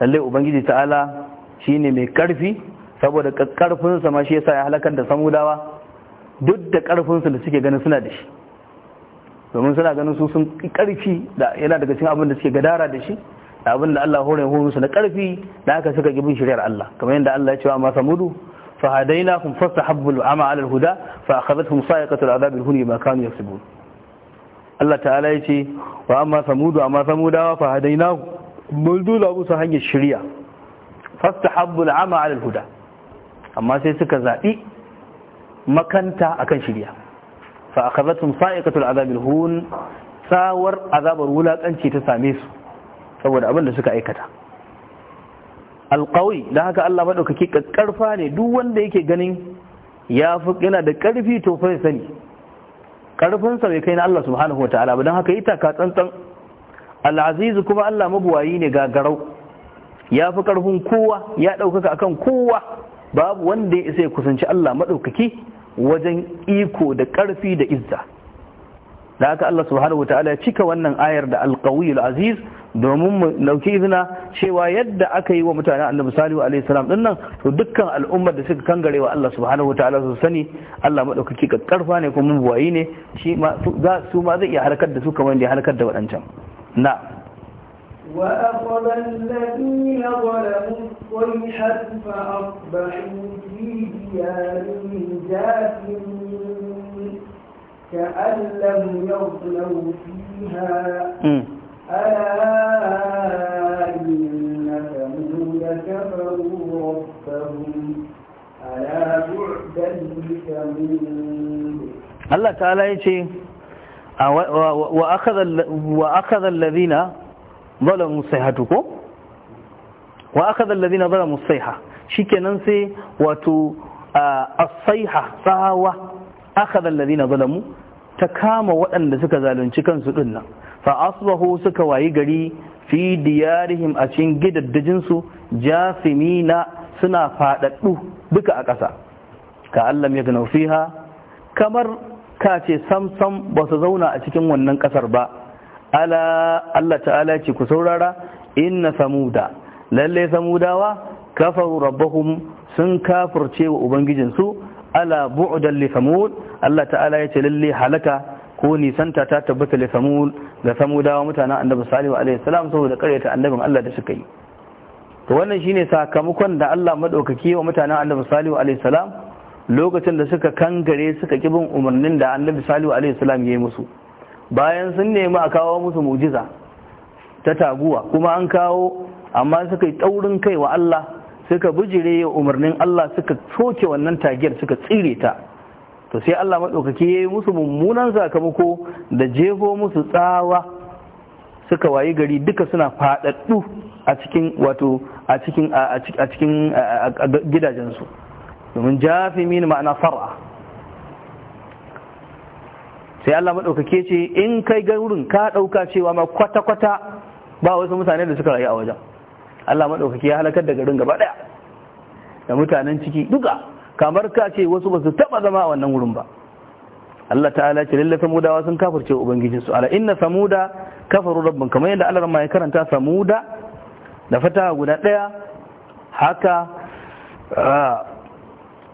lalle ubangiji ta'ala shine mai karfi saboda karfin sa ma shi yasa ya halakar da samudawa duk da karfin da suke ganin suna da shi domin suna ganin su sun karfi da yana daga cikin abin da suke gadara da shi da abin da Allah hore horo su na karfi da aka suka gibin shari'ar Allah kamar yadda Allah ya ce wa ma samudu فهديناهم فاستحبوا العمى على الهدى فأخذتهم صاعقة العذاب الهون ما كانوا يكسبون Allah ta'ala ya ce wa amma samudu amma samudawa fa hadaina mun dula hanyar shirya fastahabbul ama ala alhuda amma sai suka zabi makanta akan shirya fa akhadhatum sa'iqatul azabil hun sawar azabar wulakanci ta same su saboda abin da suka aikata Alƙawai da haka Allah maɗaukaki ƙarfa ne duk wanda yake ganin ya fi yana da ƙarfi to fa sani ƙarfinsa mai kai na Allah subhanahu wa ta'ala ba don haka yi taka tsantsan al'azizu kuma Allah mabuwayi ne gagarau ya fi ƙarfin kowa ya ɗaukaka akan kowa babu wanda ya isa ya kusanci Allah maɗaukaki wajen iko da ƙarfi da izza da aka Allah subhanahu wa ya cika wannan ayar da alqawiyul aziz domin mu dauki izina cewa yadda aka yi wa mutanen annabi salihu alaihi salam din nan to dukkan al'ummar da suka kangare wa Allah subhanahu ta'ala su sani Allah madaukaki karfa ne kuma buwayi ne shi ma su ma zai iya harkar da su kamar da harkar da waɗancan na وأخذ الذين ظلموا الصيحة فأصبحوا في ديارهم جاثمين كأن لم يغنوا فيها ألا إن ثمود كفروا ربهم ألا بعدا لثمود الله تعالى يجي وأخذ الذين ظلموا صيحتكم وأخذ الذين ظلموا الصيحة شكنا سي وتو الصيحة صاوة أخذ الذين ظلموا ta kama waɗanda suka zalunci kansu ɗin nan fa asbahu suka wayi gari fi diyarihim a cikin gidaddajinsu jasimina suna faɗaɗɗu duka a ƙasa ka allam ya fiha kamar ka ce samsam ba su zauna a cikin wannan ƙasar ba ala Allah ta'ala ce ku saurara inna samuda lalle samudawa kafaru rabbahum sun kafirce wa ubangijinsu ala bu'dan li samud Allah ta'ala ya ce lalle halaka ko nisanta ta tabbata li samud ga samudawa mutanen annabi salihu alaihi salam saboda karyata annabin Allah da suka yi to wannan shine sakamakon da Allah madaukaki wa mutanen annabi salihu alaihi salam lokacin da suka kangare suka ki kibin umarnin da annabi salihu alaihi salam ya yi musu bayan sun nemi a kawo musu mu'jiza ta taguwa kuma an kawo amma suka yi taurin kai wa Allah suka bujire umarnin Allah suka soke wannan tagiyar suka tsire ta to sai Allah maɗaukaki ya yi musu mummunan sakamako da jefo musu tsawa suka wayi gari duka suna faɗaɗɗu a cikin wato a cikin a cikin gidajensu domin jafi min ma'ana far'a sai Allah maɗaukaki ce in kai ga ka ɗauka cewa ma kwata-kwata ba wasu mutane da suka rayu a wajen Allah maɗaukaki ya halakar da garin gaba ɗaya da mutanen ciki duka kamar ka ce wasu ba su taɓa zama a wannan wurin ba Allah ta'ala ce lalle samudawa sun kafirce ubangijin su ala inna samuda kafaru rabbin kamar yadda Allah ma ya karanta samuda da fata guda ɗaya haka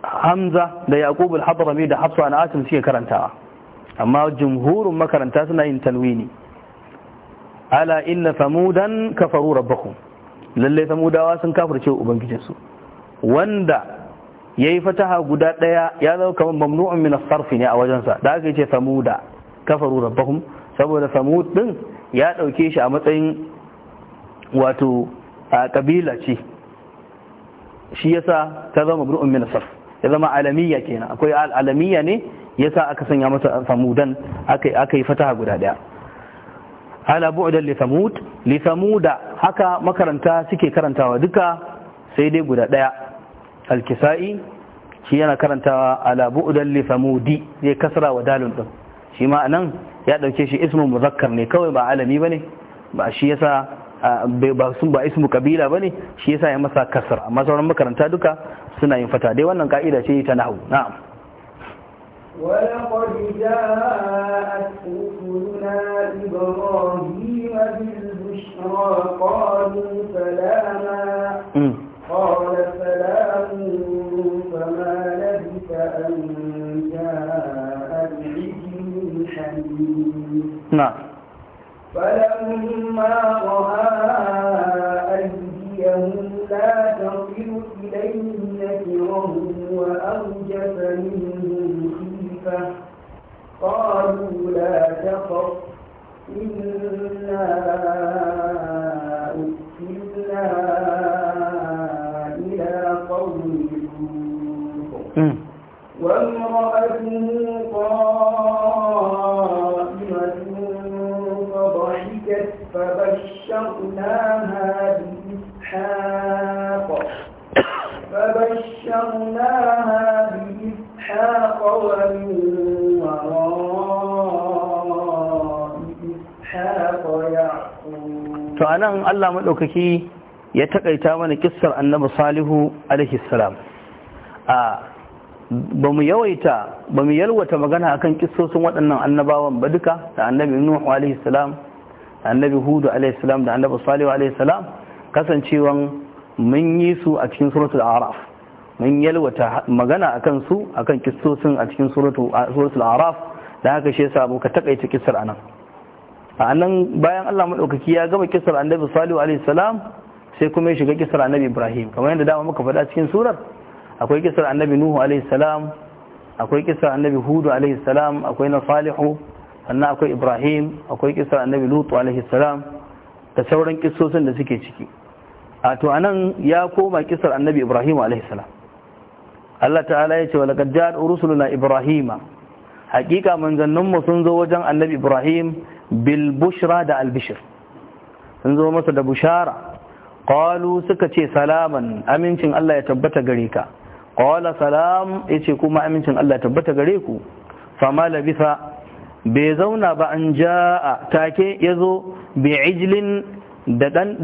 hamza da yaqub al-hadrami da hafsa na asim suke karantawa amma jumhurun makaranta suna yin tanwini ala inna samudan kafaru rabbahum lalle samudawa sun kafirce ubangijinsu wanda ya yi fataha guda ɗaya ya zama kamar mamnu'un min sarfi ne a wajensa da aka ce samuda kafaru rabbahum saboda samud din ya ɗauke shi a matsayin wato a kabila ce shi yasa ta zama mamnu'un min ya zama alamiya kenan akwai alamiya ne yasa aka sanya masa samudan aka yi fataha guda ɗaya. ala bu'dan li thamud li thamuda haka makaranta suke karantawa duka sai dai guda daya al-kisa'i shi yana karantawa ala bu'dan li thamudi zai kasra wa dalun din shi ma anan ya dauke shi ismu muzakkar ne kawai ba alami bane ba shi yasa ba sun ba ismu kabila bane shi yasa ya masa kasra amma sauran makaranta duka suna yin fata dai wannan ka'ida ce ta nahwu na'am ولقد جاءت رسلنا إبراهيم أمرا قالوا سلاما قال سلام فما لبث أن جاء بعجل حنيف نعم فلما رأى أيديهم لا تصل إليه نكرهم وأوجس منهم خيفة قالوا لا تخف إنا nan Allah maɗaukaki ya taƙaita mana kissar annabi salihu alaihi salam a ba mu yawaita ba mu yalwata magana akan kissosin waɗannan annabawan ba duka da annabi nuhu alaihi salam da annabi hudu alaihi salam da annabi salihu alaihi salam kasancewan mun yi su a cikin suratul araf mun yalwata magana akan su akan kissosin a cikin suratul araf da haka shi yasa ka taƙaita kissar anan a nan bayan Allah maɗaukaki ya gama kisar annabi salihu alaihi salam sai kuma ya shiga kisar annabi ibrahim kamar yadda dama muka faɗa cikin surar akwai kisar annabi nuhu alaihi salam akwai kisar annabi hudu alaihi salam akwai na salihu sannan akwai ibrahim akwai kisar annabi lutu alaihi salam da sauran kisosin da suke ciki a to anan ya koma kisar annabi ibrahim alaihi salam Allah ta'ala ya ce wa laqad ja'a rusuluna ibrahima haqiqa manzannin mu sun zo wajen annabi ibrahim bil da albishir sun zo masa da bushara ƙwalu suka ce salaman amincin Allah ya tabbata gare ka ƙwala salam yace kuma amincin Allah ya tabbata gare ku fama labisa bai zauna ba an ja'a take ya zo ijlin da dan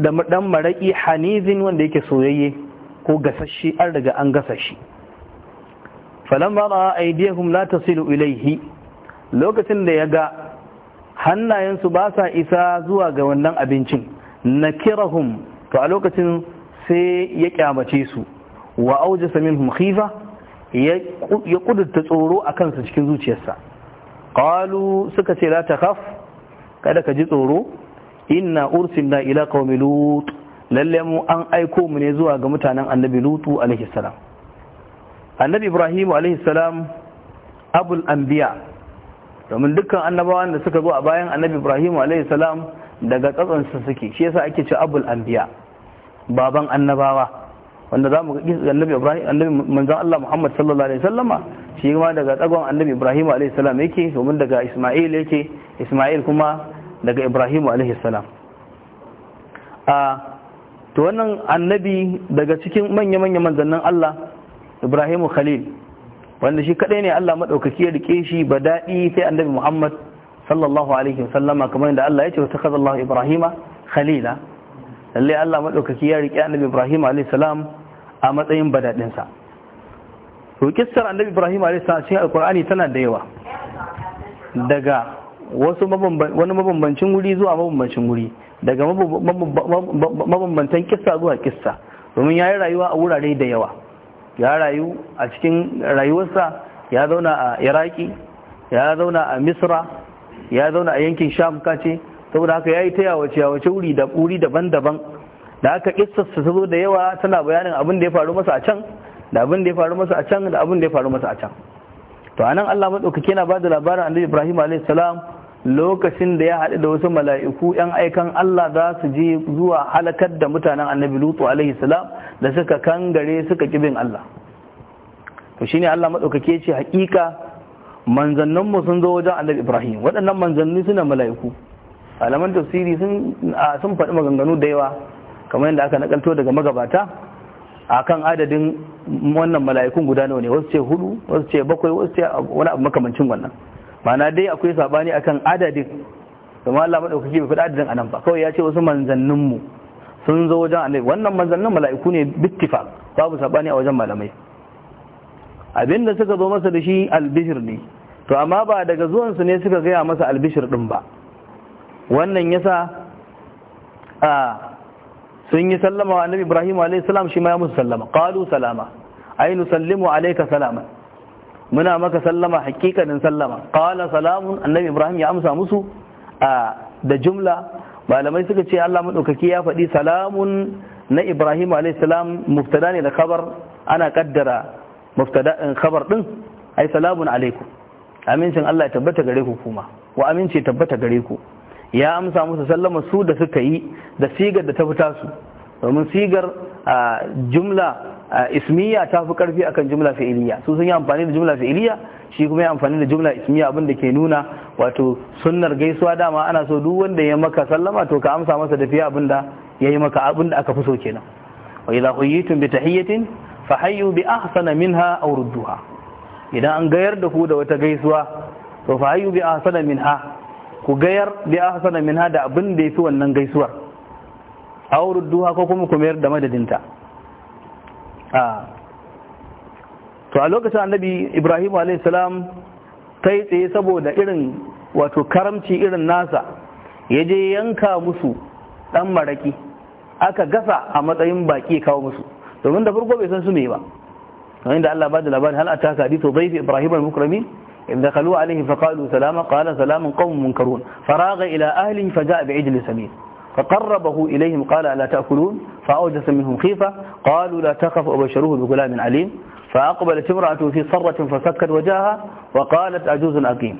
maraƙi hanizin wanda yake soyayye ko gasashe an riga an gasa shi falamma ra'a aydihum la tasilu ilayhi lokacin da ya ga hannayensu ba sa isa zuwa ga wannan abincin Na nakirahum to a lokacin sai ya kyamace su wa aujasa minhum khifa ya kudurta tsoro a kansa cikin zuciyarsa qalu suka ce lati haf kada ka ji tsoro inna na ila kawai lutu. lalle mu an aiko mu ne zuwa ga mutanen annabi lutu alaihi annabi ibrahim alaihi salam abul anbiya domin dukkan annabawan da suka zo a bayan annabi ibrahim a.s. daga tsatsansa suke shi yasa ake ce abul anbiya baban annabawa wanda za mu ga annabi ibrahim annabi manzan Allah Muhammad sallallahu alaihi wasallama shi ma daga tsagon annabi ibrahim a.s. yake domin daga isma'il yake isma'il kuma daga ibrahim a.s. a to wannan annabi daga cikin manya-manya manzannin Allah ibrahim khalil wanda shi kadai ne Allah madaukaki ya rike shi ba daɗi sai annabi Muhammad sallallahu alaihi wasallama kamar yadda Allah ya ce ta kaza Allah Ibrahima khalila lalle Allah madaukaki ya rike annabi Ibrahim alaihi salam a matsayin badadin sa to kissar annabi Ibrahim alaihi salam cikin alqur'ani tana da yawa daga wasu wani mabambancin wuri zuwa mabambancin wuri daga mabambantan kissa zuwa kissa domin yayi rayuwa a wurare da yawa ya rayu a cikin rayuwarsa ya zauna a iraki ya zauna a misra ya zauna a yankin sham kace saboda haka ya yi ta yawace yawace wuri da wuri daban-daban da haka kissarsa ta zo da yawa tana bayanin abin da ya faru masa a can da abin da ya faru masa a can da abin da ya faru masa a can to anan Allah madaukake yana ba da labarin annabi Ibrahim alayhi salam lokacin da ya haɗu da wasu mala'iku ‘yan aikan Allah za su je zuwa halakar da mutanen annabi Lutu alaihi salam da suka kangare suka kibin Allah to shine Allah madaukake ce hakika manzannin mu sun zo wajen Annabi Ibrahim waɗannan manzanni suna mala'iku alaman tafsiri sun sun faɗi maganganu da yawa kamar yadda aka nakalto daga magabata akan adadin wannan mala'ikun guda nawa ne wasu ce hudu wasu ce bakwai wasu ce wani abu makamancin wannan ma'ana dai akwai sabani akan adadin kuma Allah maɗaukake bai faɗi adadin anan ba kawai ya ce wasu manzannin mu sun zo wajen annabi wannan manzannin mala'iku ne bittifa babu sabani a wajen malamai abinda suka zo masa da shi albishir ne to amma ba daga zuwansu ne suka gaya masa albishir din ba wannan yasa a sun yi sallama wa annabi ibrahim alayhi salam shi ma ya musu sallama qalu salama ay sallimu alayka salama. muna maka sallama hakikanin sallama qala salamun annabi ibrahim ya amsa musu da jumla malamai suka ce Allah madaukaki ya faɗi salamun na Ibrahim alayhi salam ne da khabar ana kaddara mubtada eh, khabar din ai salamun alaikum amincin Allah ya tabbata gare ku kuma wa aminci tabbata gare ku ya amsa musu sallama su da suka yi da sigar da ta fita su domin sigar jumla ismiya ta fi karfi akan jumla fi'iliya su sun yi amfani da jumla fi'iliya shi kuma ya amfani da jumla ismiya abin da ke nuna wato sunnar gaisuwa dama ana so duk wanda ya maka sallama to ka amsa masa da fiye abin da ya yi maka abin da aka fi so kenan wa idza huyitum bi tahiyatin fa hayyu bi ahsana minha aw rudduha idan an gayar da ku da wata gaisuwa to fa hayyu bi ahsana minha ku gayar bi ahsana minha da abin da yafi wannan gaisuwar aw rudduha ko kuma ku mayar da madadinta a ah. to a lokacin annabi ibrahim salam ta yi tsaye saboda irin wato karamci irin nasa ya je yanka musu dan maraki aka gasa a matsayin baki kawo musu domin da farko bai san su mai ba kamar inda Allah ba da labarin hal a ta sadi to zai fi Ibrahim al-Mukrami in da kalu fa kalu salama kala salamun kawun munkarun faraga ila ahli fa ja bi ijli samir fa qarrabahu ilaihim kala la ta kulun fa auja samihun khifa kalu la ta kafa ubashiruhu bi gulamin alim فأقبلت امرأته في صرة فسكت وجهها وقالت أجوز أقيم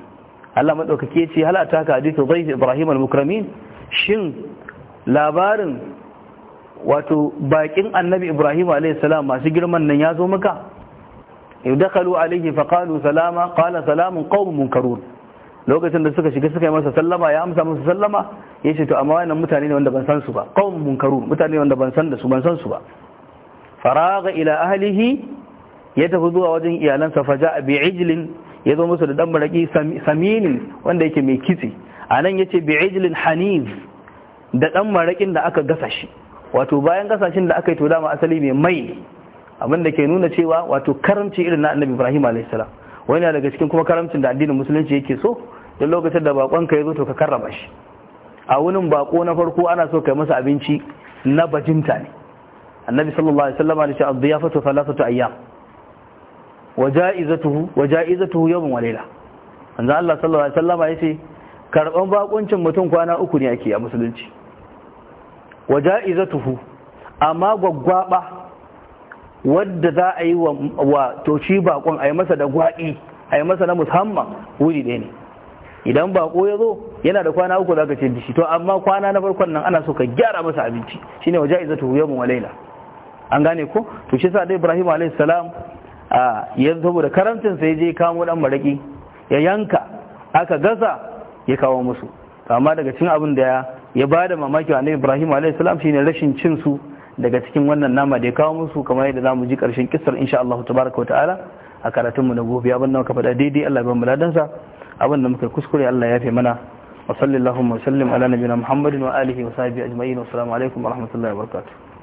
Allah maɗaukake ce hal a taka hadithu zai Ibrahim al-Mukramin shin labarin wato baƙin annabi Ibrahim a.s. masu girman nan ya zo maka? Yau dakalu alaihi faƙalu salama ƙala salamun ƙaunin munkarun lokacin da suka shiga suka yi masa sallama ya amsa masa sallama ya ce to amma wannan mutane wanda ban san su ba ƙaunin mutane wanda ban san su ba faraga ila ya tafi zuwa wajen iyalansa faja a bi'ijlin ya zo musu da ɗanbaraki maraki saminin wanda yake mai kitse a nan ya ce biijilin hanif da dan da aka gasa shi wato bayan gasa shi da aka yi to dama asali mai mai abinda ke nuna cewa wato karamci irin na annabi ibrahim A.S. salam wani daga cikin kuma karamcin da addinin musulunci yake so da lokacin da bakon ka ya zo to ka karraba shi a wurin bako na farko ana so ka yi masa abinci na bajinta ne annabi sallallahu alaihi wasallam ya ce ad thalathatu ayyam wa ja'izatuhu wa ja'izatuhu yawmun wa layla manzo Allah sallallahu alaihi wasallam yace karban bakuncin mutum kwana uku ne ake a musulunci wa ja'izatuhu amma gwaggwaba wadda za a yi wa to shi bakon a yi masa da gwaɗi a yi masa na musamman wuri ɗaya ne idan bako ya zo yana da kwana uku zaka ce dishi to amma kwana na farkon nan ana so ka gyara masa abinci shine wa ja'izatuhu yawmun walaila an gane ko to shi sa da Ibrahim alayhi salam a yanzu saboda karamcin sai je kamo dan maraki ya yanka aka gasa ya kawo musu amma daga cin abin da ya bada mamaki wa annabi Ibrahim alaihi salam shine rashin cin su daga cikin wannan nama da ya kawo musu kamar yadda zamu ji karshen kissar insha Allah tabaraka wa ta'ala a karatun mu na gobe abin nan ka faɗa daidai Allah ya bamu ladansa abin da muka kuskure Allah ya yafe mana wa sallallahu wa sallam ala nabiyina Muhammadin wa alihi wa sahbihi ajma'in wa assalamu alaikum wa rahmatullahi wa barakatuh